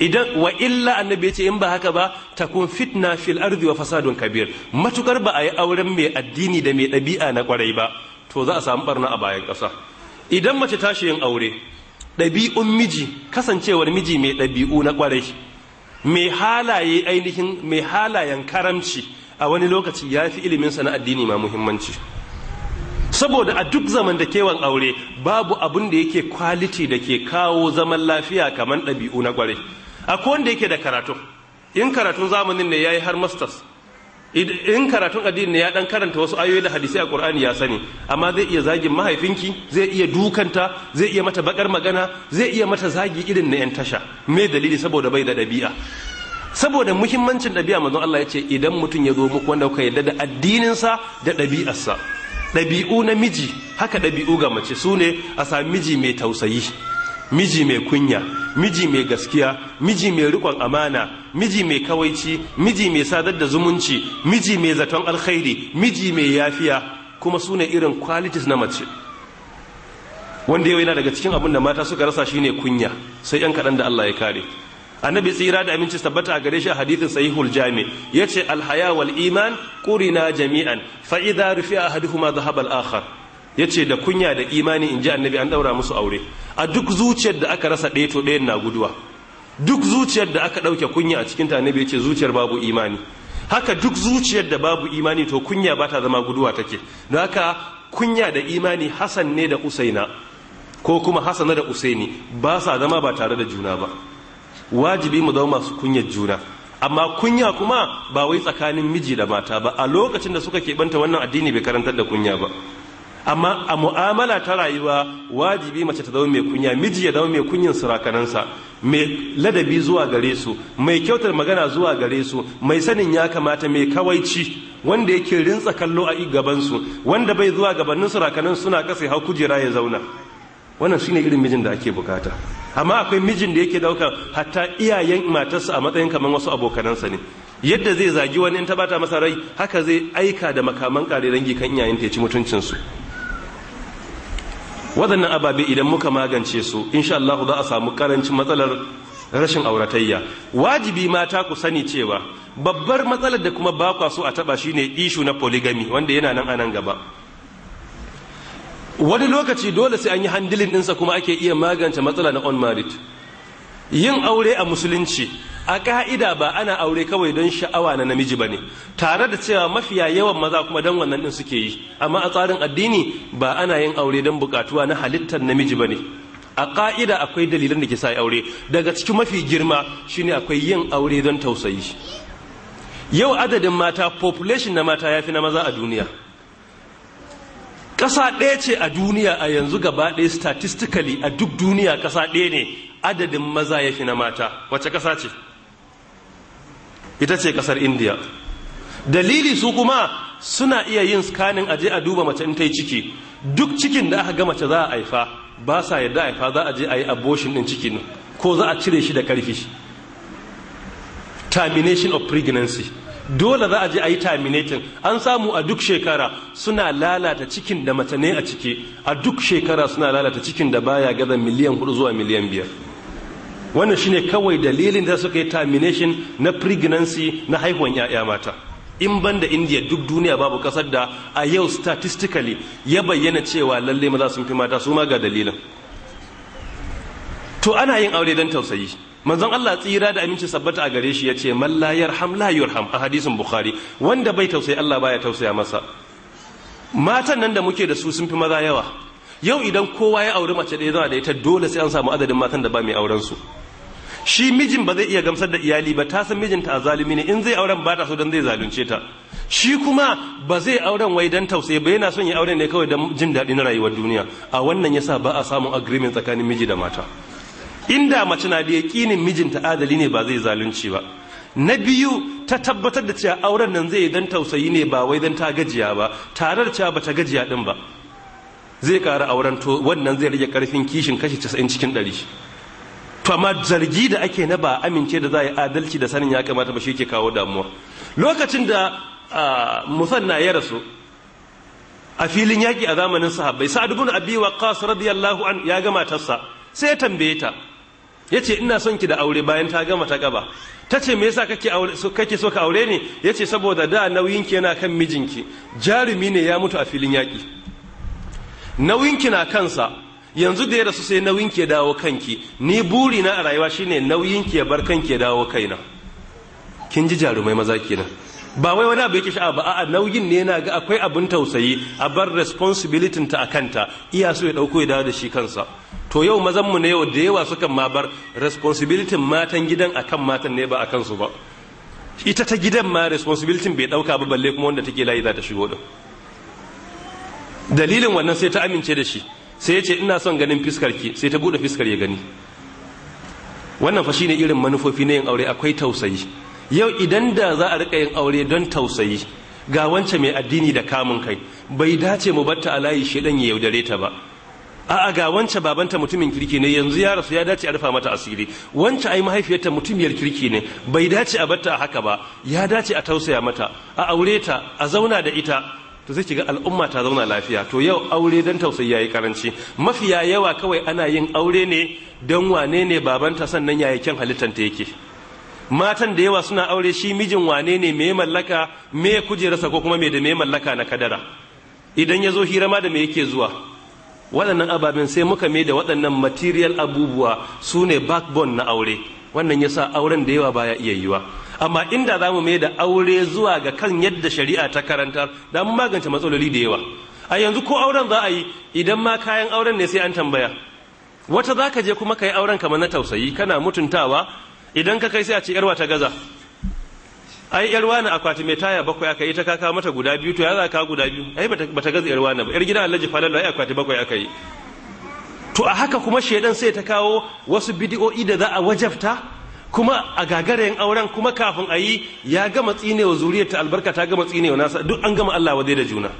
idan wa illa annabi ya ce in ba haka ba ta kun fitna fil ardi wa fasadun kabir matukar ba a yi auren mai addini da mai ɗabi'a na kwarai ba to za a samu barna a bayan ƙasa idan mace tashi yin aure ɗabi'un miji kasancewar miji mai ɗabi'u na kwarai mai halaye ainihin mai halayen karamci a wani lokaci ya fi iliminsa na addini ma muhimmanci saboda a duk zaman da kewan aure babu abin da yake kwaliti da ke kawo zaman lafiya kamar ɗabi'u na kwarai a wanda yake da karatu in karatun zamanin ne ya yi har masters in karatun addini ne ya dan karanta wasu ayoyi da hadisi a Qur'ani ya sani amma zai iya zagin mahaifinki zai iya dukanta zai iya mata bakar magana zai iya mata zagi irin na yan tasha me dalili saboda bai da ɗabi'a. saboda muhimmancin ɗabi'a mazu Allah ya ce idan mutum ya zo muku wanda kuka yarda da addininsa da ɗabi'arsa ɗabi'u na miji haka ɗabi'u ga mace su ne a sami miji mai tausayi miji mai kunya miji mai gaskiya miji mai rikon amana miji mai kawaici miji mai sadar da zumunci miji mai zaton alkhairi miji mai yafiya kuma su ne irin qualities na mace wanda yau yana daga cikin abin da mata suka rasa shine kunya sai yan kaɗan da Allah ya kare annabi tsira da aminci tabbata gare shi a hadithin sahihul jami yace al haya wal iman qurina jami'an fa idza rufi'a ahaduhuma dhahaba al akhar yace da kunya da imani in ji annabi an daura musu aure a duk zuciyar da aka rasa ɗaya to ɗayan na guduwa duk zuciyar da aka ɗauke kunya a cikin ta annabi yace zuciyar babu imani haka duk zuciyar da babu imani to kunya ba ta zama guduwa take don haka kunya da imani hasan ne da usaina ko kuma hasana da usaini ba sa zama ba tare da juna ba wajibi mu zama masu kunyar juna amma kunya kuma ba wai tsakanin miji da mata ba a lokacin da suka ke keɓanta wannan addini bai karantar da kunya ba amma a mu'amala ta rayuwa wajibi mace ta zama mai kunya miji ya zama mai kunyin surakanansa mai ladabi zuwa gare su mai kyautar magana zuwa gare su mai sanin ya kamata mai kawaici wanda yake rintsa kallo a gabansu wanda bai zuwa gabanin surakanan suna kasa hau kujera ya zauna wannan shine irin mijin da ake bukata amma akwai mijin da yake ɗauka hatta iyayen matarsa a matsayin kamar wasu abokanansa ne yadda zai zagi wani in ta masa rai haka zai aika da makaman kare dangi kan iyayen ta ya ci mutuncinsu Wadannan ababe idan muka magance su insha Allah za a samu karancin matsalar rashin auratayya wajibi mata ku sani cewa babbar matsalar da kuma ba kwa a taba shine ishu na polygamy wanda yana nan anan gaba wani lokaci dole sai an yi handilin ɗinsa kuma ake iya magance matsala na unmarried yin aure a musulunci a ka'ida ba ana aure kawai don sha'awa na namiji ba ne tare da cewa mafiya yawan maza kuma don wannan din suke yi amma a tsarin addini ba ana yin aure don buƙatuwa na halittar namiji ba ne a ka'ida akwai dalilan da ke sa aure daga cikin mafi girma shine akwai yin aure don tausayi yau adadin mata population na mata ya fi na maza a duniya ƙasa ɗaya ce a duniya a yanzu gaba ɗaya statistically a duk duniya ƙasa ɗaya ne adadin maza ya fi na mata wacce ƙasa ce ita ce ƙasar indiya dalili su kuma suna iya yin scanning aje a duba mace in ta yi ciki duk cikin da aka ga mace za a haifa ba sa yadda haifa za a je a yi abortion ɗin cikin ko za a cire shi da ƙarfi termination of pregnancy dole za a je a yi terminating an samu a duk shekara suna lalata cikin da mace ne a cike a duk shekara suna lalata cikin da baya gaza miliyan hudu zuwa miliyan biyar wannan shine kawai dalilin da suka yi termination na pregnancy na haihuwan 'ya'ya mata in ban da indiya duk duniya babu kasar da a yau statistically ya bayyana cewa lalle maza sun fi mata su ma ga dalilin to ana yin aure don tausayi manzon Allah tsira da aminci sabbata a gare shi ya ce man la yarham la yurham a hadisin bukhari wanda bai tausayi Allah baya tausaya masa matan nan da muke da su sun fi maza yawa yau idan kowa ya auri mace ɗaya zama da ita dole sai an samu adadin matan da ba mai auren su shi mijin ba zai iya gamsar da iyali ba ta san mijinta a zalimi ne in zai auren ba ta so don zai zalunce ta shi kuma ba zai auren wai dan tausayi ba yana son ya aure ne kawai don jin daɗin rayuwar duniya a wannan yasa ba a samun agreement tsakanin miji da mata inda mace na da yaƙinin mijinta adali ne ba zai zalunci ba na biyu ta tabbatar da cewa auren nan zai dan tausayi ne ba wai dan ta gajiya ba tare da cewa ta gajiya din ba zai ƙara auren to wannan zai rage karfin kishin kashi 90 cikin 100 to amma zargi da ake na ba amince da za yi adalci da sanin ya kamata ba shi ke kawo damuwa lokacin da musanna ya rasu a filin yaƙi a zamanin sahabbai sa'ad ibn abi waqqas radiyallahu an ya ga matarsa sai ya tambaye ta ya ce ina son ki da aure bayan ta gama ta gaba ta ce me yasa kake so ka aure ni ya ce saboda da nauyin ki yana kan mijinki jarumi ne ya mutu a filin yaƙi ki na kansa yanzu da ya rasu sai ki ya dawo kanki ni buri na a rayuwa shine ki ya bar kanki ya dawo kaina kin ji jarumai maza kenan ba wai wani abu yake sha'a ba a'a nauyin ne yana ga akwai abin tausayi a bar responsibility ta akanta iya so ya dauko ya dawo da shi kansa to yau mazan mu ne yau da yawa suka ma bar responsibility matan gidan akan matan ne ba a kansu ba ita ta gidan ma responsibility bai dauka ba balle kuma wanda take layi za ta shigo din dalilin wannan sai ta amince da shi sai ya ce ina son ganin fiskar ki sai ta bude fiskar ya gani wannan fa ne irin manufofi na yin aure akwai tausayi yau idan da za a rika yin aure don tausayi ga wance mai addini da kamun kai bai dace mu batta a layi shedan ya yaudare ta ba a'a ga wance babanta mutumin kirki ne yanzu ya rasu ya dace a rufa mata asiri wance ai mahaifiyarta mutumiyar kirki ne bai dace a batta a haka ba ya dace a tausaya mata a aure ta a zauna da ita to sai kiga al'umma ta zauna lafiya to yau aure don tausayi yayi karanci mafiya yawa kawai ana yin aure ne don wane ne babanta sannan yayi kyan halittanta yake matan da yawa suna aure shi mijin wane ne me mallaka me kujerarsa ko kuma me da mai mallaka na kadara idan ya zo hira ma da mai yake zuwa waɗannan ababen sai muka mai da waɗannan material abubuwa su ne backbone na aure wannan ya sa auren da yawa baya iya yiwa amma inda za mu mai da aure zuwa ga kan yadda shari'a ta karanta da mun magance matsaloli da yawa a yanzu ko auren za a yi idan ma kayan auren ne sai an tambaya wata za ka je kuma ka yi auren kamar na tausayi kana mutuntawa idan ka kai sai a ce yarwa ta gaza ai yarwa na akwati mai taya bakwai aka yi ta kaka mata guda biyu to ya za ka guda biyu ai bata gaza yarwa na ba yar gidan Allah jifalalla ai akwati bakwai aka yi to a haka kuma shedan sai ta kawo wasu bidiyo'i da za a wajabta kuma a gagarayen auren kuma kafin a yi ya gama tsinewa zuriyar ta albarka ta gama tsinewa nasa duk an gama Allah wadai da juna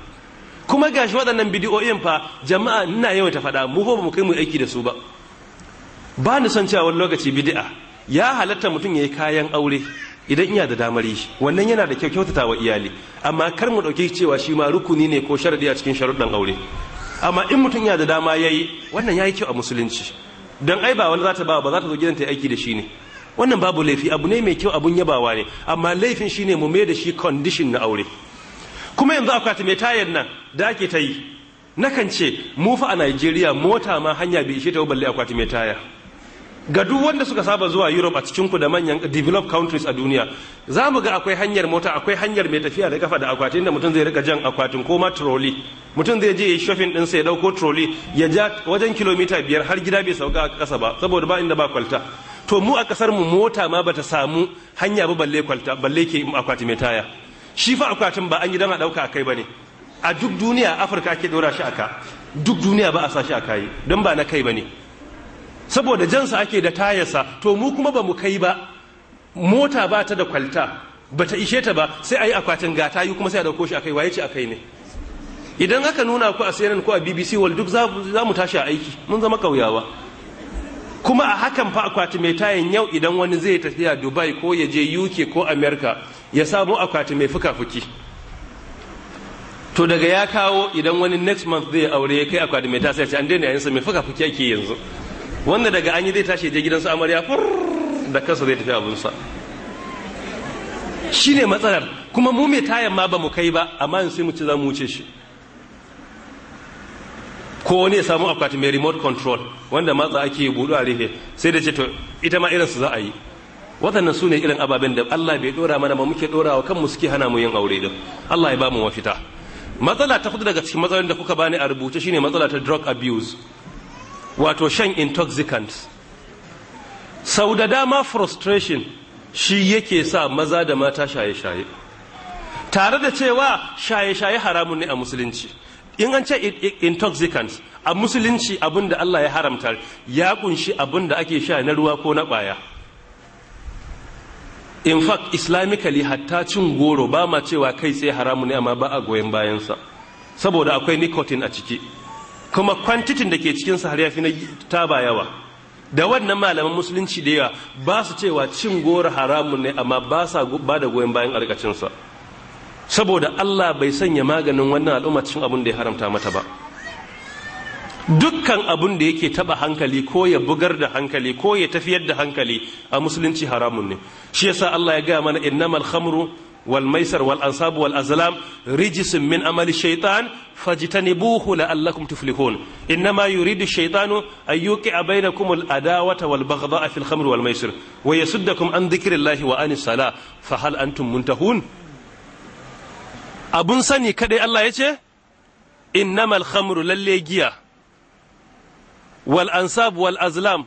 kuma gashi waɗannan bidiyoyin fa jama'a ina yawan ta faɗa mu ba mu kai mu aiki da su ba ba ni son cewa wani lokaci bid'a ya halatta mutum ya yi kayan aure idan iya da damar yi wannan yana da kyau kyautata wa iyali amma kar mu ɗauki cewa shi ma rukuni ne ko sharadi a cikin sharuɗan aure amma in mutum ya da dama ya yi wannan ya yi kyau a musulunci don ai ba wani za ta ba ba za ta zo gidan ta aiki da shi ne wannan babu laifi abu ne mai kyau abun yabawa ne amma laifin shi ne mu mai da shi condition na aure kuma yanzu akwati mai tayar nan da ake ta yi nakan ce mu fa a Najeriya mota ma hanya bai ishe ta balle akwati mai taya ga duk wanda suka saba zuwa Europe a cikin ku da manyan developed countries a duniya za mu ga akwai hanyar mota akwai hanyar mai tafiya da kafa da akwati da mutum zai rika jan akwatin ko ma trolley mutum zai je ya shopping din sa ya dauko trolley ya ja wajen kilomita biyar har gida bai sauka a kasa ba saboda ba inda ba kwalta to mu a kasar mu mota ma bata samu hanya ba balle kwalta balle ke akwati mai taya shi fa akwatin ba an yi dan a dauka akai bane a duk duniya Afirka ake dora shi aka duk duniya ba a sa shi a kai don ba na kai bane saboda jansa ake da tayasa, to mu kuma ba mu kai ba mota ba ta da kwalta ba ta ishe ta ba sai a yi akwatin gata yi kuma sai a dauko shi akai waye ce akai ne idan aka nuna ku a CNN ko a BBC wal duk za mu tashi a aiki mun zama kauyawa kuma a hakan fa akwati mai tayin yau idan wani zai tafiya Dubai ko ya je UK ko America ya samu akwati mai fuka-fuki to daga ya kawo idan wani next month zai aure ya kai akwati mai tasa an daina yayin sa mai fuka-fuki ake yanzu wanda daga an yi zai tashi je gidansu amarya fur da kansa zai tafi abinsa shi ne matsalar kuma mu mai tayan ma ba mu kai ba amma sai mu ci za mu wuce shi ko wani ya samu akwati mai remote control wanda matsa ake budu a rufe sai da ce to ita ma irinsu za a yi waɗannan su ne irin ababen da Allah bai dora mana ba muke dora wa kanmu suke hana mu yin aure din Allah ya ba mu mafita matsala ta kudu daga cikin matsalolin da kuka bani a rubuce shine matsala ta drug abuse wato shan intoxicants sau da dama frustration shi yake sa maza da mata shaye-shaye tare da cewa shaye-shaye haramun ne a musulunci in an ce intoxicants a musulunci abinda Allah ya haramta ya kunshi abinda ake sha na ruwa ko na ƙwaya in fact islamically hatta cin goro ba ma cewa kai sai haramun ne amma ba a goyon bayansa saboda akwai nicotine a ciki kuma kwantitin da ke cikinsa har yafi na ba yawa da wannan malaman musulunci da yawa ba su cewa cin gora haramun ne amma ba sa ba da goyon bayan alkacinsa saboda Allah bai sanya maganin wannan al'umma cikin abin da ya haramta mata ba dukkan abin da yake taba hankali ko ya bugar da hankali ko ya tafiyar da hankali a musulunci haramun ne shi yasa Allah ya gaya mana innamal khamru wal maisar wal ansab wal azlam rijsun min amali shaytan fajtanibuhu la'allakum tuflihun innama yuridu shaytanu an yuqi'a bainakum al adawata wal baghdha'a fil khamr wal maisir wa yasuddakum an dhikrillahi wa anis sala fa hal antum muntahun abun sani kaɗai Allah ya yace innamal khamru lalle giya wal ansab wal azlam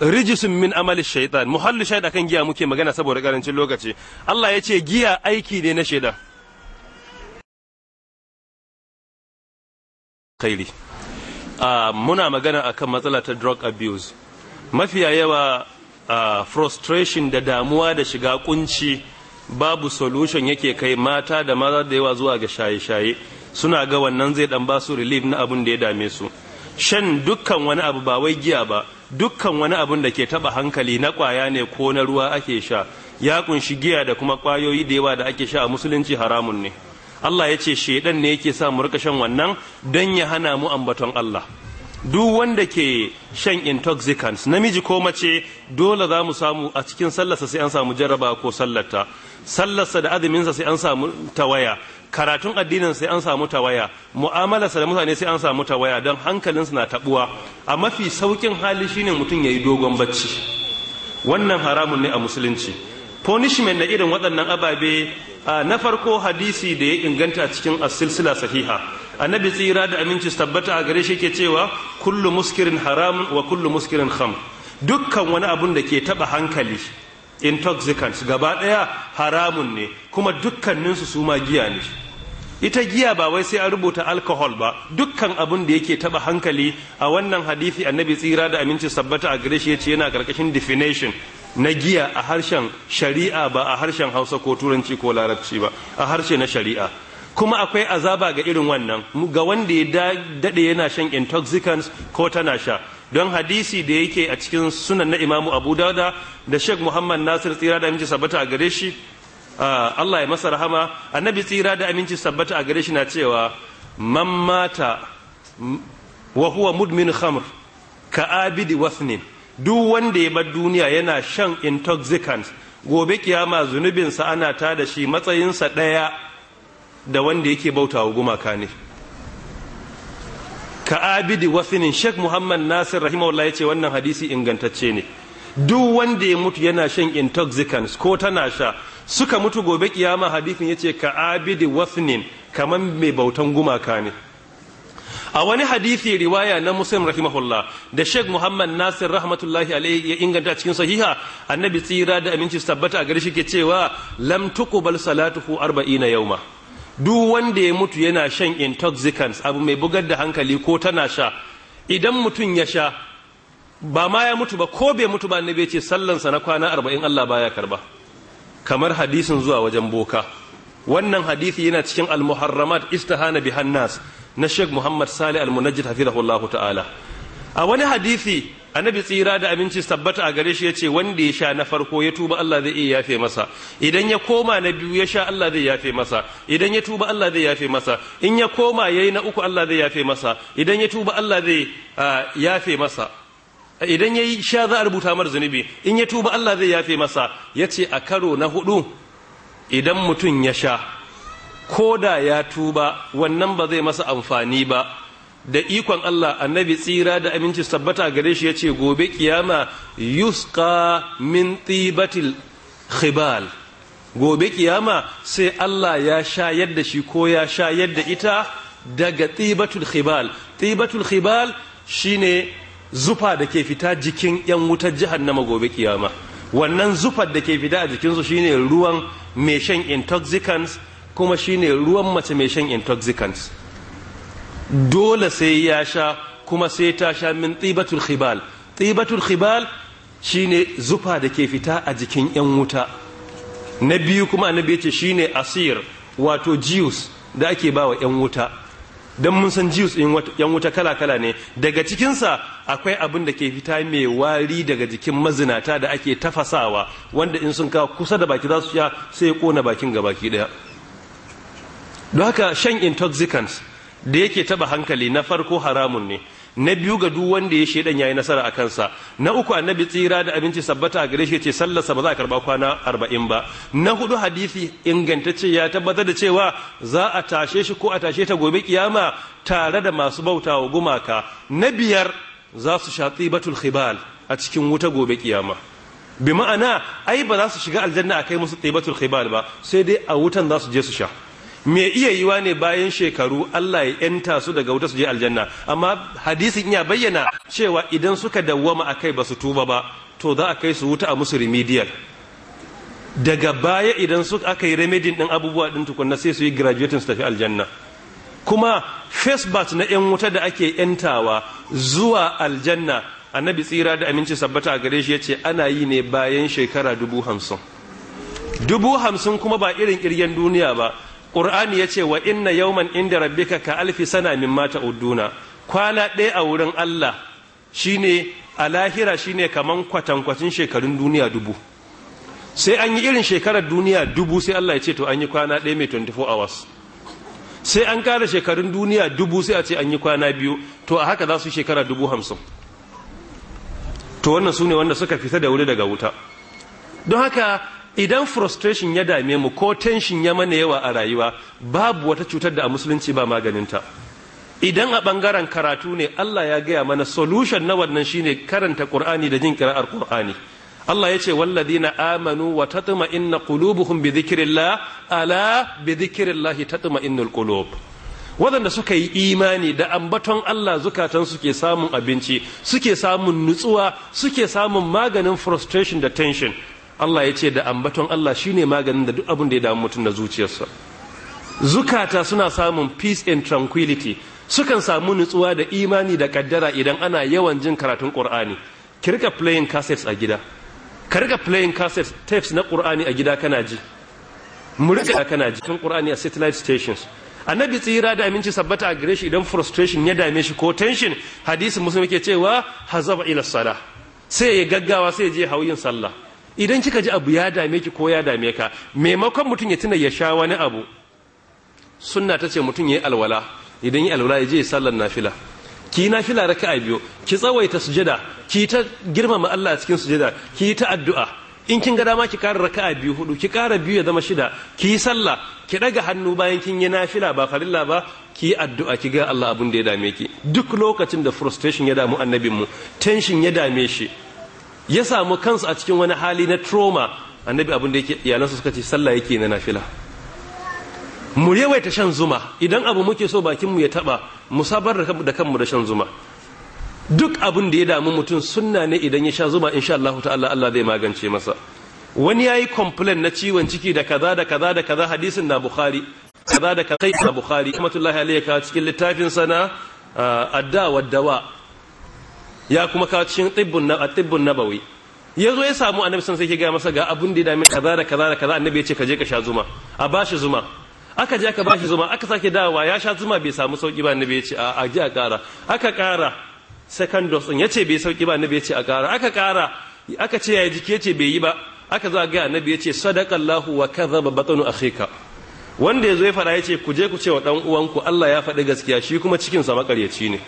rijisun min amali shaitan muhallu shaida kan giya muke magana saboda karancin lokaci Allah ya ce giya aiki ne na shaida kairi ah, muna magana akan matsala ta drug abuse mafiya yawa ah, frustration da damuwa da shiga kunci babu solution yake kai mata da maza da yawa zuwa ga shaye-shaye suna ga wannan zai dan ba su relief na abun da ya dame su shan dukkan wani abu ba wai giya ba dukkan wani abun da ke taba hankali na kwaya ne ko na ruwa ake sha ya kunshi giya da kuma kwayoyi da yawa da ake sha a musulunci haramun ne Allah ya ce shedan ne yake sa mu rika shan wannan dan ya hana mu ambaton Allah duk wanda ke shan intoxicants namiji ko mace dole za mu samu a cikin sallarsa sai an samu jarraba ko sallarta sallarsa da azuminsa sai an samu tawaya karatun addinin sai an samu tawaya mu'amalarsa da mutane sai an samu tawaya don hankalinsa na tabuwa a mafi saukin hali shine mutum ya yi dogon bacci wannan haramun ne a musulunci punishment na irin waɗannan ababe a na farko hadisi da ya inganta cikin asilsila sahiha annabi tsira da aminci tabbata a gare shi ke cewa kullu muskirin haram wa kullu muskirin kham dukkan wani abun da ke taba hankali intoxicants gaba ɗaya haramun ne kuma dukkaninsu su ma giya ne ita giya ba wai sai a rubuta alkohol ba dukkan abin da yake taba hankali a wannan hadisi annabi tsira da aminci sabbata a gare shi ce yana karkashin definition na giya a harshen shari'a ba a harshen Hausa ko turanci ko larabci ba a harshe na shari'a kuma akwai azaba ga irin wannan ga wanda ya dade yana shan intoxicants ko tana sha don hadisi da yake a cikin sunan na imamu abu dauda da sheikh muhammad nasir tsira da aminci sabbata a gare shi Ah, Allah ya masa rahama annabi tsira da aminci sabbata a gare shi na cewa man mata wa huwa mudmin khamr ka abidi wasnin duk wanda ya bar duniya yana shan intoxicants gobe kiyama zunubinsa ana ta da shi matsayinsa ɗaya da wanda yake bautawa gumaka ne ka abidi wasnin sheikh muhammad nasir rahimahullah ya ce wannan hadisi ingantacce ne duk wanda ya mutu yana shan intoxicants ko tana sha suka mutu gobe kiyama hadithin yace ka abidi wasnin kaman mai bautan gumaka ne a wani hadithi riwaya na muslim rahimahullah da sheikh muhammad nasir rahmatullahi alaihi ya inganta cikin sahiha annabi tsira da aminci tabbata a gare shi ke cewa lam tuqbal salatuhu 40 yawma duk wanda ya mutu yana shan intoxicants abu mai bugar da hankali ko tana sha idan mutum ya sha ba ma ya mutu ba ko bai mutu ba annabi ya ce sallansa na kwana arba'in Allah baya karba kamar hadisin zuwa wajen boka wannan hadisi yana cikin al-muharramat istihana bi hannas na Sheikh Muhammad Salih al-Munajjid hafizahullahu ta'ala a wani hadisi annabi tsira da aminci tabbata a gare shi yace wanda ya sha na farko ya tuba Allah zai iya yafe masa idan ya koma na biyu ya sha Allah zai yafe masa idan ya tuba Allah zai yafe masa in ya koma yayi na uku Allah zai yafe masa idan ya tuba Allah zai ah, yafe masa idan ya yi sha za a rubuta mara zunubi in ya tuba Allah zai yafe masa ya ce a karo na hudu idan mutum ya sha ko da ya tuba wannan ba zai masa amfani ba da ikon Allah annabi tsira da aminci sabbata gare shi ya ce gobe kiyama yusqa min tibatil khibal gobe kiyama sai Allah ya sha yadda shi ko ya sha yadda ita daga tibatul khibal tibatul khibal shine zufa da ke fita jikin yan wutar jahannama gobe kiyama wannan zufar da ke fita a jikinsu shine ruwan mai shan intoxicants kuma shine ruwan mace mai shan intoxicants dole sai ya sha kuma sai ta sha min tsibatul khibal tsibatul khibal shine zufa da ke fita a jikin yan wuta na biyu kuma na biyu ce shine asir wato juice da ake ba wa yan wuta don mun san jiyus in yan wuta kala-kala ne daga cikinsa akwai abin da ke fita mai wari daga jikin mazinata da ake tafasawa wanda in sun kawo kusa da baki za su sha sai ya kona bakin ga baki daya. don haka shan intoxicants da yake taba hankali na farko haramun ne na biyu ga duk wanda ya shedan yayi nasara a kansa na uku annabi tsira da abinci sabbata a gare shi ce sallarsa ba za a karba kwana arba'in ba na hudu hadisi ingantacce ya tabbatar da cewa za a tashe shi ko a tashe ta gobe kiyama tare da masu bauta wa gumaka na biyar za su sha tsibatul khibal a cikin wuta gobe kiyama bi ma'ana ai ba za su shiga aljanna a kai musu tibatul khibal ba sai dai a wutan za su je su sha me iya yiwa ne bayan shekaru Allah ya yanta su daga wuta su je aljanna amma hadisin ya bayyana cewa idan suka dawwama akai ba su tuba ba to za a kai su wuta a musu remedial daga baya idan suka aka yi remedin din abubuwa din tukunna sai su yi graduating su tafi aljanna kuma face bat na yan wuta da ake yantawa zuwa aljanna annabi tsira da aminci sabbata a gare shi ya ce ana yi ne bayan shekara dubu hamsin dubu hamsin kuma ba irin kirgen duniya ba qur'ani yace wa inna yawman inda rabbika ka alfi sana mimma uduna, kwana ɗaya a wurin Allah shine a lahira shine kaman kwatankwacin shekarun duniya dubu sai an yi irin shekarar duniya dubu sai Allah ya ce to an yi kwana ɗaya mai 24 hours sai an kara shekarun duniya dubu sai a ce an yi kwana biyu to a haka za su shekara dubu hamsin to wannan su ne wanda suka fita da wuri daga wuta don haka idan frustration ya dame mu ko tension ya mana yawa a rayuwa babu wata cutar da a musulunci ba maganinta idan a bangaren karatu ne Allah ya gaya mana solution na wannan shine karanta Qur'ani da jin kira'ar Qur'ani Allah ya ce walladina amanu wa inna qulubuhum bi dhikrillah ala bi dhikrillah innal qulub Wadanda suka yi imani da ambaton Allah zukatan suke samun abinci suke samun nutsuwa suke samun maganin frustration da tension Allah ya ce da ambaton Allah shi ne maganin da duk abin da ya damu mutum da zuciyarsa zukata suna samun peace and tranquility sukan samu nutsuwa da imani da kaddara idan ana yawan jin karatun Qur'ani ki rika playing cassettes a gida ka rika playing cassettes tapes na Qur'ani a gida kana ji mu rika kana ji tun Qur'ani a satellite stations annabi tsira da aminci sabbata a gare shi idan frustration ya dame shi ko tension hadisi musulmi ke cewa hazaba ila sala sai ya gaggawa sai ya je hauyin sallah idan kika ji abu ya dame ki ko ya dame ka maimakon mutum ya tuna ya sha wani abu sunna ta ce mutum ya yi alwala idan ya alwala ya je ya sallar nafila ki yi nafila raka'a biyu ki tsawaita sujada ki ta girmama Allah a cikin sujada ki ta addu'a in kin ga dama ki ƙara raka'a biyu hudu ki kara biyu ya zama shida ki yi sallah ki daga hannu bayan kin yi nafila ba farilla ba ki yi addu'a ki ga Allah abin da ya dame ki duk lokacin da frustration ya damu annabinmu tension ya dame shi ya samu kansu a cikin wani hali na trauma annabi abin da yake iyalansa suka ce sallah yake na nafila mu yawaita shan zuma idan abu muke so bakin mu ya taba mu sabar da kanmu da shan zuma duk abin da ya damu mutum sunna ne idan ya sha zuma insha Allah ta'ala Allah zai magance masa wani yayi complain na ciwon ciki da kaza da kaza da kaza hadisin na bukhari kaza da kaza na bukhari rahmatullahi alayhi cikin littafin sana ah, adda wa dawa ya kuma kawo cikin tibbun na tibbun nabawi ya zo ya samu annabi san sai ke ga masa ga abun da ya kaza da kaza da kaza annabi ya ce ka je ka sha zuma a bashi zuma aka je aka bashi zuma aka sake dawowa ya sha zuma bai samu sauki ba annabi ya ce a ji a kara aka kara second dose ya ce bai sauki ba annabi ya ce a kara aka kara aka ce yayi jiki ce bai yi ba aka zo ga annabi ya ce sadaqallahu wa kadhaba batnu akhika wanda ya zo ya fara ya ce ku je ku ce wa dan uwanku Allah ya faɗi gaskiya shi kuma cikin sa makaryaci ne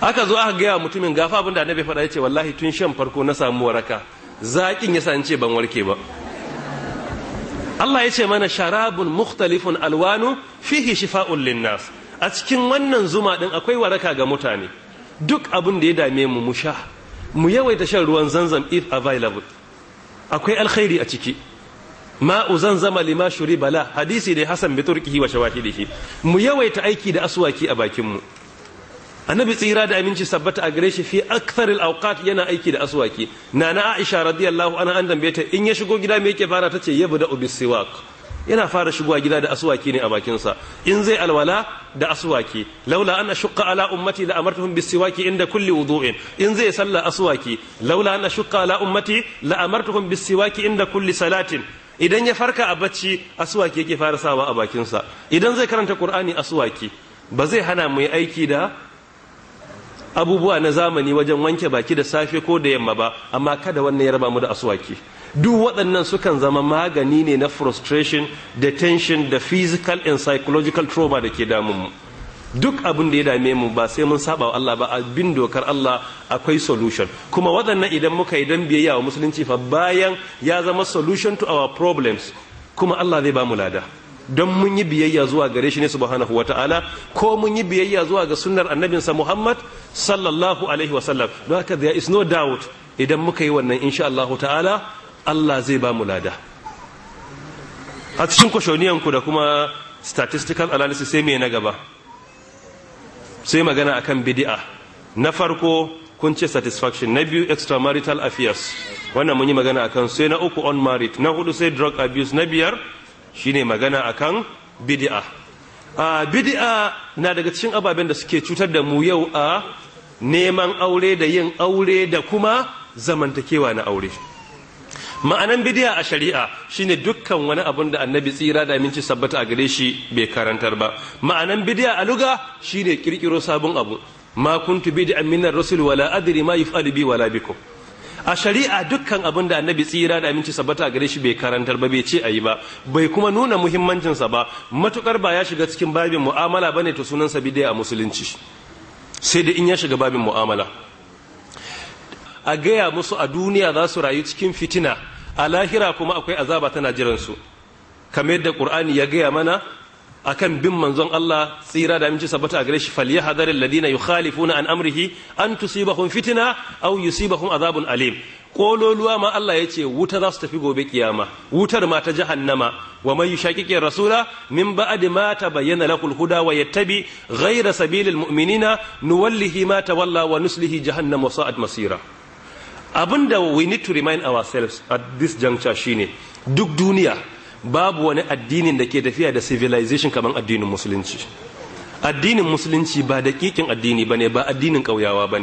aka zo aka gaya mutumin gafa abinda bai faɗa ya ce wallahi tun shan farko na samu waraka zaƙin ya san ce ban warke ba Allah ya ce mana sharabun mukhtalifun alwanu fihi shifa'un linnas a cikin wannan zuma din akwai waraka ga mutane duk abin da ya dame mu mu sha mu yawaita shan ruwan zanzam if available akwai alkhairi a ciki ma'u zanzama lima shuri bala hadisi da hasan bi turkihi wa shawahidihi mu yawaita aiki da aswaki a bakin mu annabi tsira da aminci sabbata a gare shi fi aktharil awqat yana aiki da aswaki nana aisha radiyallahu anha an dambe ta in ya shigo gida me yake fara tace yabda ubis siwak yana fara shigowa gida da aswaki ne a bakin sa in zai alwala da aswaki laula an ashqa ala ummati la amartuhum bis inda kulli wudu'in in zai salla aswaki laula an ashqa ala ummati la amartuhum bis inda kulli salatin idan ya farka a bacci aswaki yake fara sawa a bakin sa idan zai karanta qur'ani aswaki ba zai hana mu yi aiki da abubuwa na zamani wajen wanke baki da safe ko da yamma ba amma kada wannan ya raba mu da aswaki duk waɗannan sukan zama magani ne na frustration da tension da physical and psychological trauma da ke damun mu duk abin da ya dame mu ba sai mun saba wa Allah ba bin dokar Allah akwai solution kuma waɗannan idan muka idan biyayya wa musulunci fa bayan ya zama solution to our problems kuma Allah zai ba mu lada don mun yi biyayya zuwa gare shi ne subhanahu wata'ala ko mun yi biyayya zuwa ga sunnar annabinsa Muhammad sallallahu alaihi wasallam don haka there is no doubt idan muka yi wannan insha Allah ta'ala Allah zai ba mu lada a cikin kwashoniyan ku da kuma statistical analysis sai mai na gaba sai magana akan bidi'a na farko kun ce satisfaction na biyu extramarital affairs wannan mun yi magana akan sai na uku on marriage na hudu sai drug abuse na biyar shine magana a kan bidi'a. a bidi'a na daga cikin ababen da suke cutar da mu yau a neman aure da yin aure da kuma zamantakewa na aure ma'anan bidi'a a shari'a shine dukkan wani abun da annabi tsira da minci sabbata a gare shi bai karantar ba ma'anan bidi'a a luga shine kirkiro sabon abu ma kuntu bid'an minar rasul wala adri ma yuf'alu bi wala biko. a shari'a dukkan abin da annabi tsira da aminci sabbata gare shi bai karantar ba bai ce ayi ba bai kuma nuna muhimmancinsa ba matukar ba ya shiga cikin babin mu'amala ba ne ta sunansa bidai a musulunci sai da in ya shiga babin mu'amala a gaya musu a duniya za su rayu cikin fitina a lahira kuma akwai azaba tana jiransu kamar yadda qur'ani ya gaya mana akan bin manzon Allah tsira da aminci sabata a gare shi falyahdhar alladhina yukhalifuna an amrihi an tusibahum fitna aw yusibahum azabun alim kololuwa ma Allah ya ce wuta za su tafi gobe kiyama wutar ma ta jahannama wa man yushaqiqir rasula min ba'di ma tabayyana lahul huda wa yattabi ghayra sabilil mu'minina nuwallihi ma tawalla wa nuslihi jahannam wa sa'at masira abinda we need to remind ourselves at this juncture shine duk duniya babu wani addinin da ke tafiya da civilization kamar addinin musulunci addinin musulunci ba da addini bane ba addinin kauyawa bane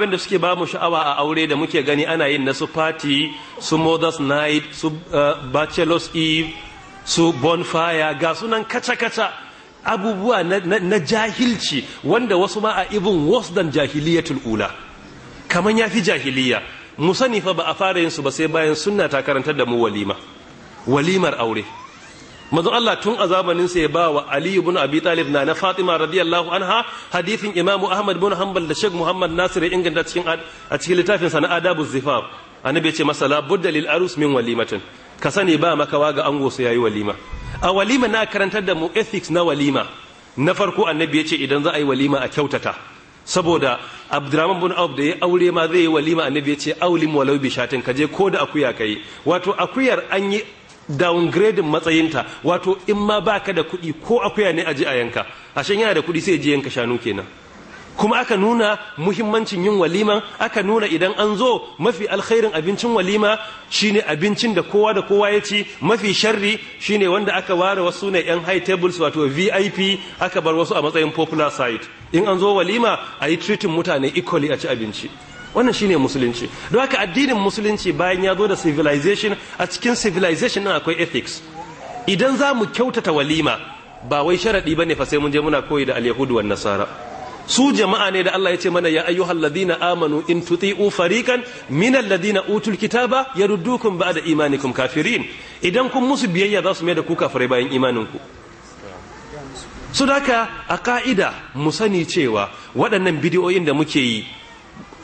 abin da suke ba sha'awa a aure da muke gani ana yin na su party su mothers night su eh, bachelor's eve su bonfire ga sunan kaca-kaca abubuwa na jahilci wanda wasu ma a ibin worse than jahiliyatul ula kamar ya fi jahiliya mu fa ba a fara yin su ba sai bayan sunna ta karantar da mu walima walimar aure manzon Allah tun a zamanin sa ya ba wa Ali ibn Abi Talib na na Fatima radiyallahu anha hadithin Imam Ahmad bin Hanbal da Sheikh Muhammad Nasir inganta cikin a cikin littafin sa na Adabuz Zifaf annabi ya ce masala budda lil arus min walimatin ka sani ba makawa ga ango sai yayi walima a walima na karantar da mu ethics na walima na farko annabi ya ce idan za a yi walima a kyautata saboda abdurrahman bin auf da ya aure ma zai yi walima annabi ya ce aulim walau bi shatin kaje je ko da akuya kai wato akuyar an yi downgrading matsayinta wato in ma baka da kuɗi ko akuya ne a ji a yanka ashen yana da kuɗi sai ji yanka shanu kenan kuma aka nuna muhimmancin yin walima aka nuna idan an zo mafi alkhairin abincin walima shine abincin da kowa da kowa ya ci mafi sharri shine wanda aka ware wasu ne yan high tables wato VIP aka bar wasu a matsayin popular side in an zo walima a yi treating mutane equally a ci abinci wannan shine musulunci don haka addinin musulunci bayan ya zo da civilization a cikin civilization nan akwai ethics idan za mu kyautata walima ba wai sharaɗi bane fa sai mun je muna koyi da alyahudu wan nasara su jama'a ne da Allah ya ce mana ya ayyuhal ladina amanu in tuti'u fariqan min alladina utul kitaba yaruddukum ba'da imanikum kafirin idan kun musu biyayya za su mai da ku kafirai bayan imaninku su daka a ka'ida mu sani cewa waɗannan bidiyoyin da muke yi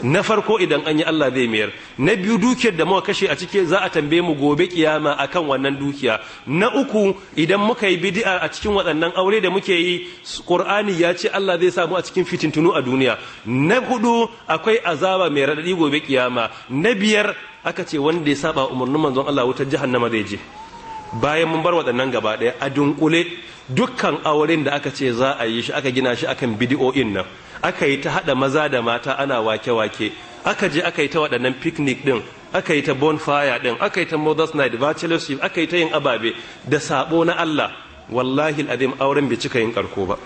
na farko idan an yi Allah zai mayar na biyu dukiyar da muka kashe a ciki za a tambaye mu gobe kiyama akan wannan dukiya na uku idan muka yi bid'a a cikin waɗannan aure da muke yi Qur'ani ya ce Allah zai samu a cikin fitintunu a duniya na hudu akwai azaba mai radadi gobe kiyama na biyar aka ce wanda ya saba umarnin manzon Allah wutar jahannama zai je bayan mun bar waɗannan gaba ɗaya a dunkule dukkan auren da aka ce za a yi shi aka gina shi akan bidi'o'in nan aka yi ta haɗa maza da mata ana wake-wake aka je aka yi ta waɗannan picnic ɗin aka yi ta bonfire ɗin aka yi ta mother's night ship aka yi ta yin ababe da sabo na Allah wallahi al'adim auren bai cika yin karko ba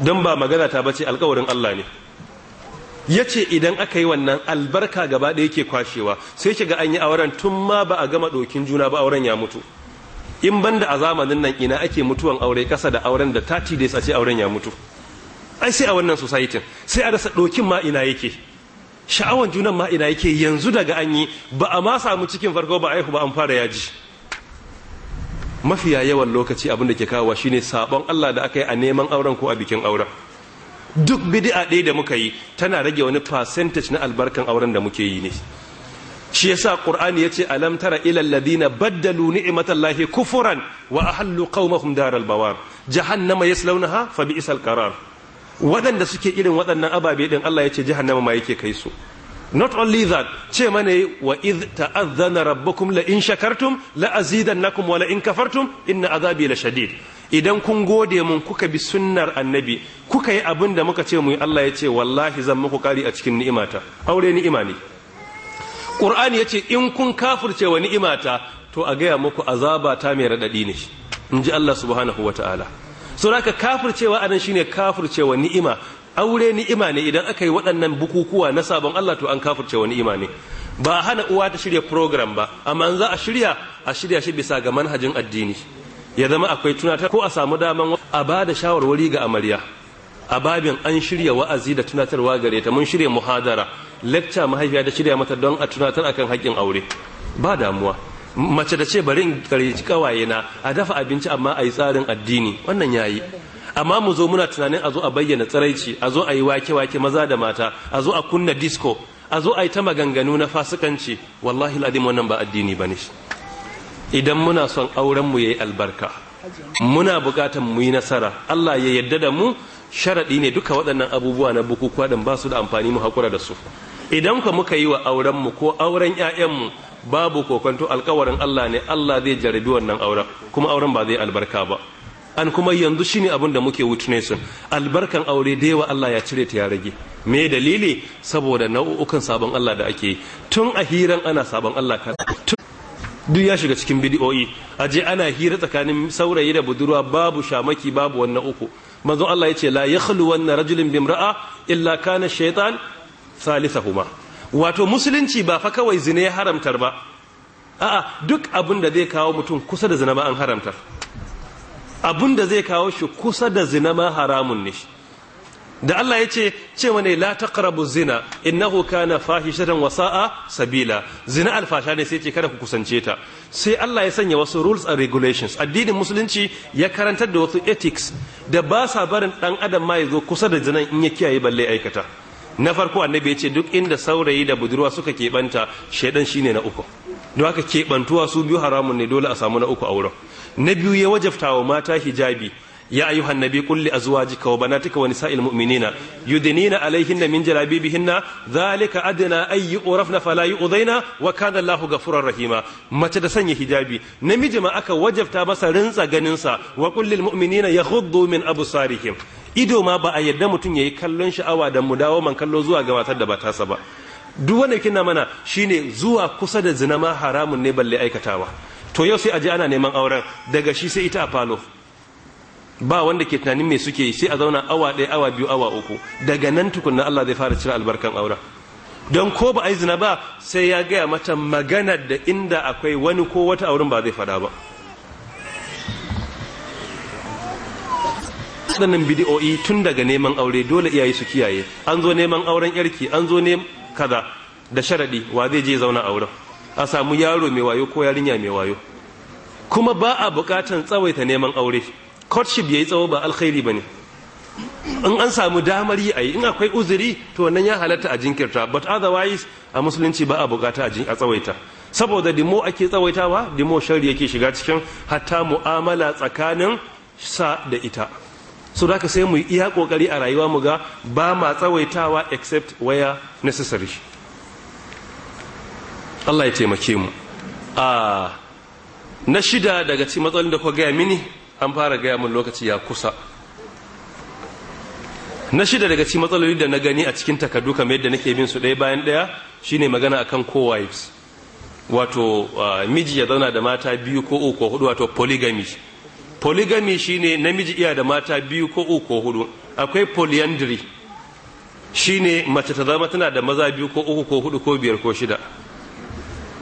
don ba magana ta bace alkawarin Allah ne ya ce idan aka yi wannan albarka gaba ɗaya yake kwashewa sai shiga an yi auren tun ma ba a gama ɗokin juna ba auren ya mutu in banda a zamanin nan ina ake mutuwan aure kasa da auren da 30 days a ce auren ya mutu ai sai a wannan society sai a rasa dokin ma ina yake sha'awan junan ma ina yake yanzu daga an yi ba a ma samu cikin farko ba aihu ba an fara yaji mafiya yawan lokaci abin da ke kawo shine sabon Allah da aka yi a neman auren ko a bikin auren duk bid'a ɗaya da muka yi tana rage wani percentage na albarkan auren da muke yi ne shi yasa qur'ani yace alam tara ilal ladina baddalu ni'matallahi kufran wa ahallu qaumahum daral bawar jahannama yaslawnaha fa bi'sal qarar waɗanda suke irin waɗannan ababe ɗin Allah ya ce na ma yake kai su not only that ce mana wa iz ta'azzana rabbukum la in shakartum la azidannakum wa la in kafartum inna azabi la shadid idan kun gode mun kuka bi sunnar annabi kuka yi abin da muka ce mu Allah ya ce wallahi zan muku kari a cikin ni'imata aure ni'ima ne Qur'ani ya ce in kun kafirce wa ni'imata to a gaya muku azaba ta mai radadi ne Inji Allah subhanahu wa ta'ala so haka cewa anan shine kafircewa ni'ima aure ni'ima ne idan aka yi waɗannan bukukuwa na sabon Allah to an kafircewa ni'ima ne ba a hana uwa ta shirya program ba amma za a shirya a shirya shi bisa ga manhajin addini ya zama akwai tunatar ko a samu daman a ba da shawarwari ga amarya a babin an shirya wa'azi da tunatarwa gare ta mun shirya muhadara lecture mahaifiya ta shirya mata don a tunatar akan haƙƙin aure ba damuwa mace da ce bari in kawaye na a dafa abinci amma a yi tsarin addini wannan yayi amma mu zo muna tunanin a zo a bayyana tsaraici a zo a yi wake-wake maza da mata a zo a kunna disco a zo a yi ta maganganu na fasikanci wallahi ladin wannan ba addini ba ne idan muna son aurenmu ya yi albarka muna bukatan mu yi nasara allah ya yadda da mu sharaɗi ne duka waɗannan abubuwa na bukukuwa ɗin ba su da amfani mu haƙura da su idan ka muka yi wa aurenmu ko auren 'ya'yanmu babu kokonto alkawarin Allah ne Allah zai jarabi wannan auren kuma auren ba zai albarka ba an kuma yanzu shine abin da muke witnessing albarkan aure da yawa Allah ya cire ta ya rage me dalili saboda nau'ukan sabon Allah da ake tun a hiran ana sabon Allah ka duk ya shiga cikin bidiyoyi aje ana hira tsakanin saurayi da budurwa babu shamaki babu wannan uku manzo Allah yace la yakhlu wannan rajulin bimra'a illa kana shaytan salisahuma wato musulunci ba fa kawai zina ya haramtar ba a'a duk abin da zai kawo mutum kusa da zina ma an haramtar abin da zai kawo shi kusa da zina ma haramun ne da Allah ya ce ce wane la taqrabu zina innahu kana fahishatan wa sa'a sabila zina alfasha ne sai ce kada ku kusance ta sai Allah ya sanya wasu rules and regulations addinin musulunci ya karantar da wasu ethics da ba sa barin dan adam ma ya zo kusa da zina in ya kiyaye balle aikata na farko annabi ya ce duk inda saurayi da budurwa suka keɓanta shaidan shi ne na uku don haka keɓantuwa su biyu haramun ne dole a samu na uku a wurin na biyu ya wajabta wa mata hijabi ya ayyuhan nabi qul li azwajika wa banatika wa nisa'il mu'minina yudnina alayhinna min jalabibihinna zalika adna ay na fala yudaina wa kana ga ghafurur rahima mace da sanya hijabi namiji ma aka wajabta masa rinsa ganin sa wa kulli mu'uminina ya yaghuddu min abu absarihim ido ma ba a yadda mutum ya yi kallon sha'awa da mu dawo man kallo zuwa ga matar da ba tasa ba duk wanda kina mana shine zuwa kusa da zina ma haramun ne balle aikatawa to yau sai a ji ana neman auren daga shi sai ita a falo ba wanda ke tunanin me suke yi sai a zauna awa ɗaya awa biyu awa uku daga nan tukunna Allah zai fara cire albarkan auren don ko ba a yi zina ba sai ya gaya mata magana da inda akwai wani ko wata auren ba zai faɗa ba waɗannan bidi'o'i tun daga neman aure dole iyaye su kiyaye an zo neman auren yarki an zo ne kaza da sharaɗi wa zai je zauna auren a samu yaro mai wayo ko yarinya mai wayo kuma ba a buƙatar tsawaita neman aure courtship yayi tsawo ba alkhairi bane in an samu damar yi ayi in akwai uzuri to wannan ya halatta a jinkirta but otherwise a musulunci ba a buƙata a tsawaita saboda dimo ake tsawaitawa dimo shari yake shiga cikin hatta mu'amala tsakanin sa da ita so da sai mu iya kokari a rayuwa mu ga ba ma tsawaitawa except where necessary Allah ya taimake mu a na shida daga cikin matsalolin da ku gaya mini an fara gaya mun lokaci ya kusa na shida daga cikin matsaloli da na gani a cikin takardu kamar yadda nake bin su ɗaya bayan ɗaya shine magana akan co-wives wato miji ya zauna da mata biyu ko uku ko hudu wato polygamy polygamy shine namiji iya da mata biyu ko uku ko hudu akwai polyandry shine mace ta zama tana da maza biyu ko uku ko hudu ko biyar ko shida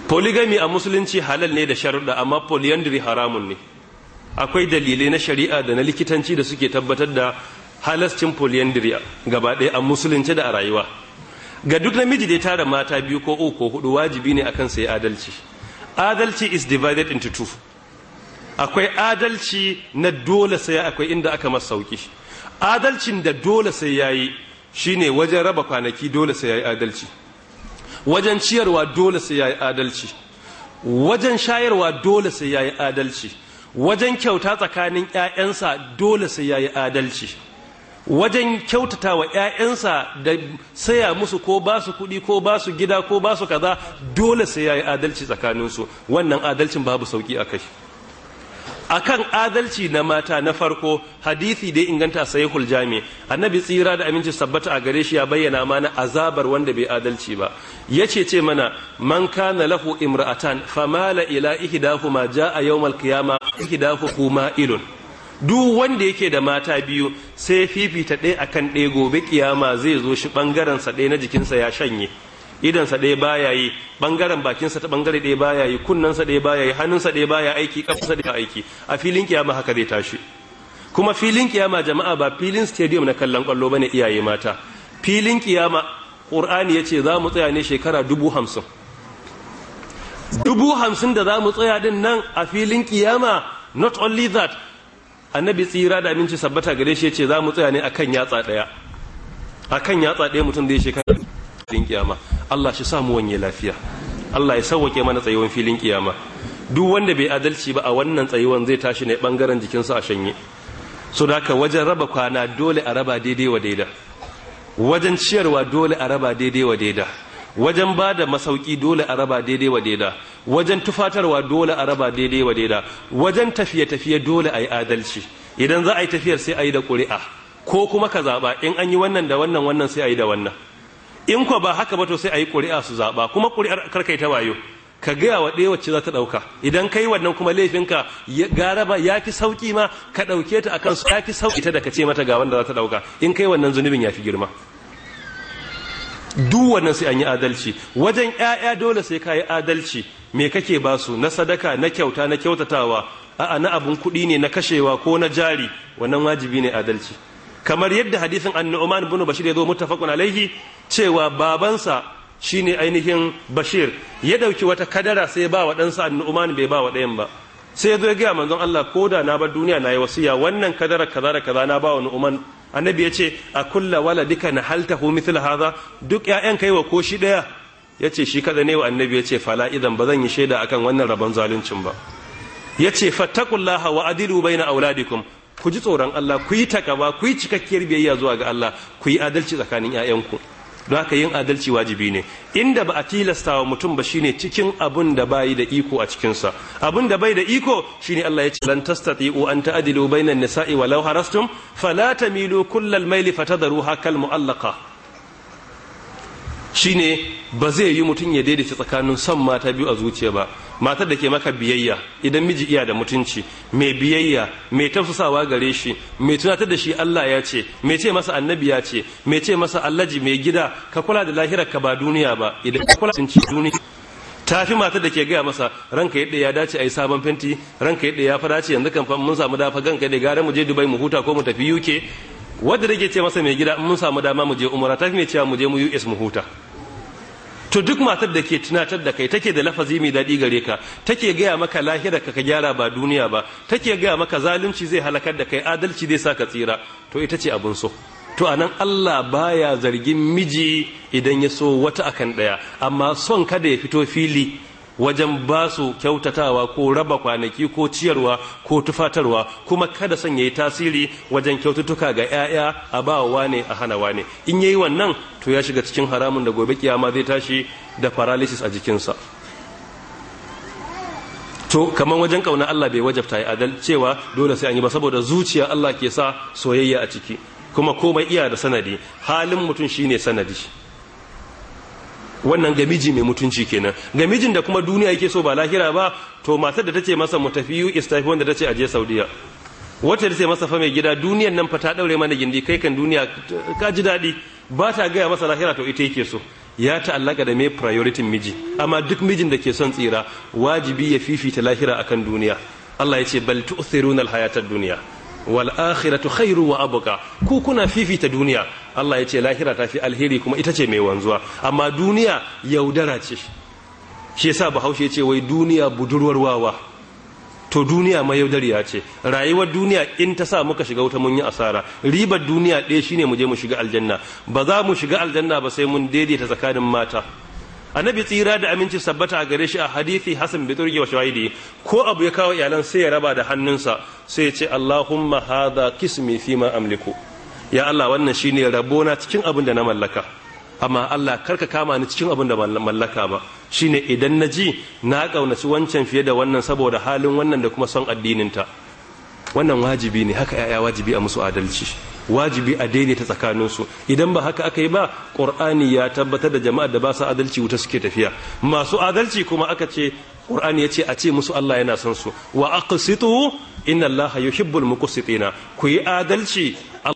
polygamy a musulunci halal ne da sharuɗa amma polyandry haramun ne akwai dalilai na shari'a da na likitanci da suke tabbatar da halascin polyandry gaba ɗaya a musulunci da a rayuwa ga duk namiji da ya tara mata biyu ko uku ko hudu wajibi ne akan sai adalci adalci is divided into two akwai adalci na dole sai akwai inda aka masa sauki adalcin da dole sai yayi shine wajen raba kwanaki dole sai yayi adalci wajen ciyarwa dole sai yayi adalci wajen shayarwa dole sai yayi adalci wajen kyauta tsakanin ƴaƴansa dole sai yayi adalci wajen kyautata wa ‘ya'yansa da saya musu ko ba su kuɗi ko ba su gida ko ba su kaza dole sai yayi adalci adalci tsakaninsu wannan adalcin babu sauki a kai akan adalci na mata na farko hadisi da inganta sahihul jami annabi tsira da aminci sabbata a gare shi ya bayyana mana azabar wanda bai adalci ba yace ce mana man kana lahu imra'atan famala ila ma jaa yawmal qiyama kuma ilun duk wanda yake da mata biyu sai fifita ɗaya akan ɗaya gobe kiyama zai zo shi bangaren sa ɗaya na jikinsa ya shanye idansa ɗaya baya yi bangaren bakinsa ta bangare ɗaya baya yi kunnensa ɗaya baya yi hannunsa ɗaya baya aiki kafarsa ɗaya aiki a filin kiyama haka zai tashi kuma filin kiyama jama'a ba filin stadium na kallon kwallo bane iyaye mata filin kiyama qur'ani yace za mu tsaya ne shekara dubu hamsin dubu hamsin da za mu tsaya din nan a filin kiyama not only that annabi tsira da aminci sabbata gare shi yace za mu tsaya ne akan yatsa daya akan yatsa daya mutum da shekara filin kiyama Allah shi samu wanye lafiya Allah ya sauwake mana tsayuwan filin kiyama duk wanda bai adalci ba a wannan tsayuwan zai tashi ne bangaren jikinsa a shanye so da wajen raba kwana dole a raba daidai wa daida wajen ciyarwa dole a raba daidai wa daida wajen ba da masauki dole a raba daidai wa daida wajen tufatarwa dole a raba daidai wa daida wajen tafiye-tafiye dole a yi adalci idan za a yi tafiyar sai a yi da ƙuri'a ko kuma ka zaɓa in an yi wannan da wannan wannan sai a yi da wannan in ko ba haka ba to sai a yi ƙuri'a su zaɓa kuma ƙuri'ar karkai ta wayo ka gaya wa ɗaya wacce za ta ɗauka idan kai wannan kuma laifinka gara ba ya fi sauƙi ma ka ɗauke ta a kansu ya fi sauƙi ta da ka ce mata ga wanda za ta ɗauka in kai wannan zunubin ya fi girma duk wannan sai an yi adalci wajen ƴaƴa dole sai ka yi adalci me kake ba su na sadaka na kyauta na kyautatawa a'a na abun kuɗi ne na kashewa ko na jari wannan wajibi ne adalci kamar yadda hadisin annu'man ibn bashir ya zo muttafaqun alaihi cewa babansa shine ainihin bashir ya dauki wata kadara sai ya ba wa ɗansa annu'man bai ba wa ɗayan ba sai ya zo ya ga manzon Allah ko da na bar duniya na yi wasiya wannan kadara kaza da kaza na ba wa annabi ya ce a kulla waladika na haltahu mithla hadha duk ƴaƴan kai wa ko shi daya ya ce shi kaza ne wa annabi ya ce fala idan ba zan yi shaida akan wannan rabon zaluncin ba ya ce fattakullaha wa adilu bayna auladikum ku ji tsoron Allah ku yi takaba ku yi cikakkiyar biyayya zuwa ga Allah ku yi adalci tsakanin 'ya'yanku don haka yin adalci wajibi ne inda ba a tilasta wa mutum ba shine cikin abun da bai da iko a cikin sa abun da bai da iko shine Allah ya ce lan tastati'u an ta'dilu bainan nisa'i walau harastum fala tamilu kullal mayli fatadruha kal mu'allaqa Shi ne ba zai yi mutum ya daidaita tsakanin son mata biyu a zuciya ba matar da ke maka biyayya idan miji iya da mutunci mai biyayya mai tafsasawa gare shi mai tunatar da shi Allah ya ce mai ce masa annabi ya ce mai ce masa allaji mai gida ka kula da lahirar ka ba duniya ba idan ka kula duniya ta fi matar da ke gaya masa ranka yadda ya dace a yi sabon fenti ranka yadda ya fa dace yanzu kan mun samu dafa ganka da gara mu je dubai mu huta ko mu tafi uk wadda da ke ce masa mai gida mun samu dama mu je umara ta fi mai cewa mu je mu us mu huta to duk matar da ke tunatar da kai take da lafazi mai daɗi gare ka take gaya maka lahira ka gyara ba duniya ba take gaya maka zalunci zai halakar da kai adalci zai sa ka tsira to ita ce abin so to anan Allah baya zargin miji idan ya so wata akan ɗaya amma son kada ya fito fili wajen ba su kyautatawa ko raba kwanaki ko ciyarwa ko tufatarwa kuma kada son yayi tasiri wajen kyaututtuka ga 'ya'ya a ba wa ne a hana wa ne in yayi wannan to ya shiga cikin haramun da gobe kiyama zai tashi da paralysis a jikinsa to kamar wajen kauna Allah bai wajabta ya adal cewa dole sai an yi ba saboda zuciya Allah ke sa soyayya a ciki kuma komai iya da sanadi halin mutum shine sanadi wannan gamiji mai mutunci kenan ga mijin da kuma duniya yake so ba lahira ba to matar da tace masa mu tafi US tafi wanda tace aje Saudiya wata tace masa fa mai gida duniyar nan fa ta daure mana gindi kai kan duniya ka ji dadi ba ta gaya masa lahira to ita yake so ya ta'allaka da mai priority miji amma duk mijin da ke son tsira wajibi ya fifita lahira akan duniya Allah ya ce bal tu'thiruna al ad dunya wal akhiratu khairu wa abqa ku kuna fifita duniya Allah ya ce lahira ta fi alheri kuma ita ce mai wanzuwa amma duniya yaudara ce shi yasa bahaushe ya ce wai duniya budurwar wawa to duniya mai yaudariya ce rayuwar duniya in ta sa muka shiga wuta mun yi asara ribar duniya ɗaya shine mu je mu shiga aljanna ba za mu shiga aljanna ba sai mun daidaita tsakanin mata annabi tsira da amincin sabbata a gare shi a hadithi hasan bi turgi wa shahidi ko abu ya kawo iyalan sai ya raba da hannunsa sai ya ce allahumma hadha kismi fi ma amliku ya Allah wannan shine rabona cikin abin da na mallaka amma Allah karka kama ni cikin abin da mallaka ba shine idan na ji na kaunaci wancan fiye da wannan saboda halin wannan da kuma son addininta. wannan wajibi ne haka yaya wajibi a musu adalci wajibi a daidaita su idan ba haka aka yi ba qur'ani ya tabbatar da jama'ar da ba su adalci wuta suke tafiya masu adalci kuma aka ce qur'ani ya ce a ce musu Allah yana son su wa aqsitu inna Allaha yuhibbul muqsitina ku yi adalci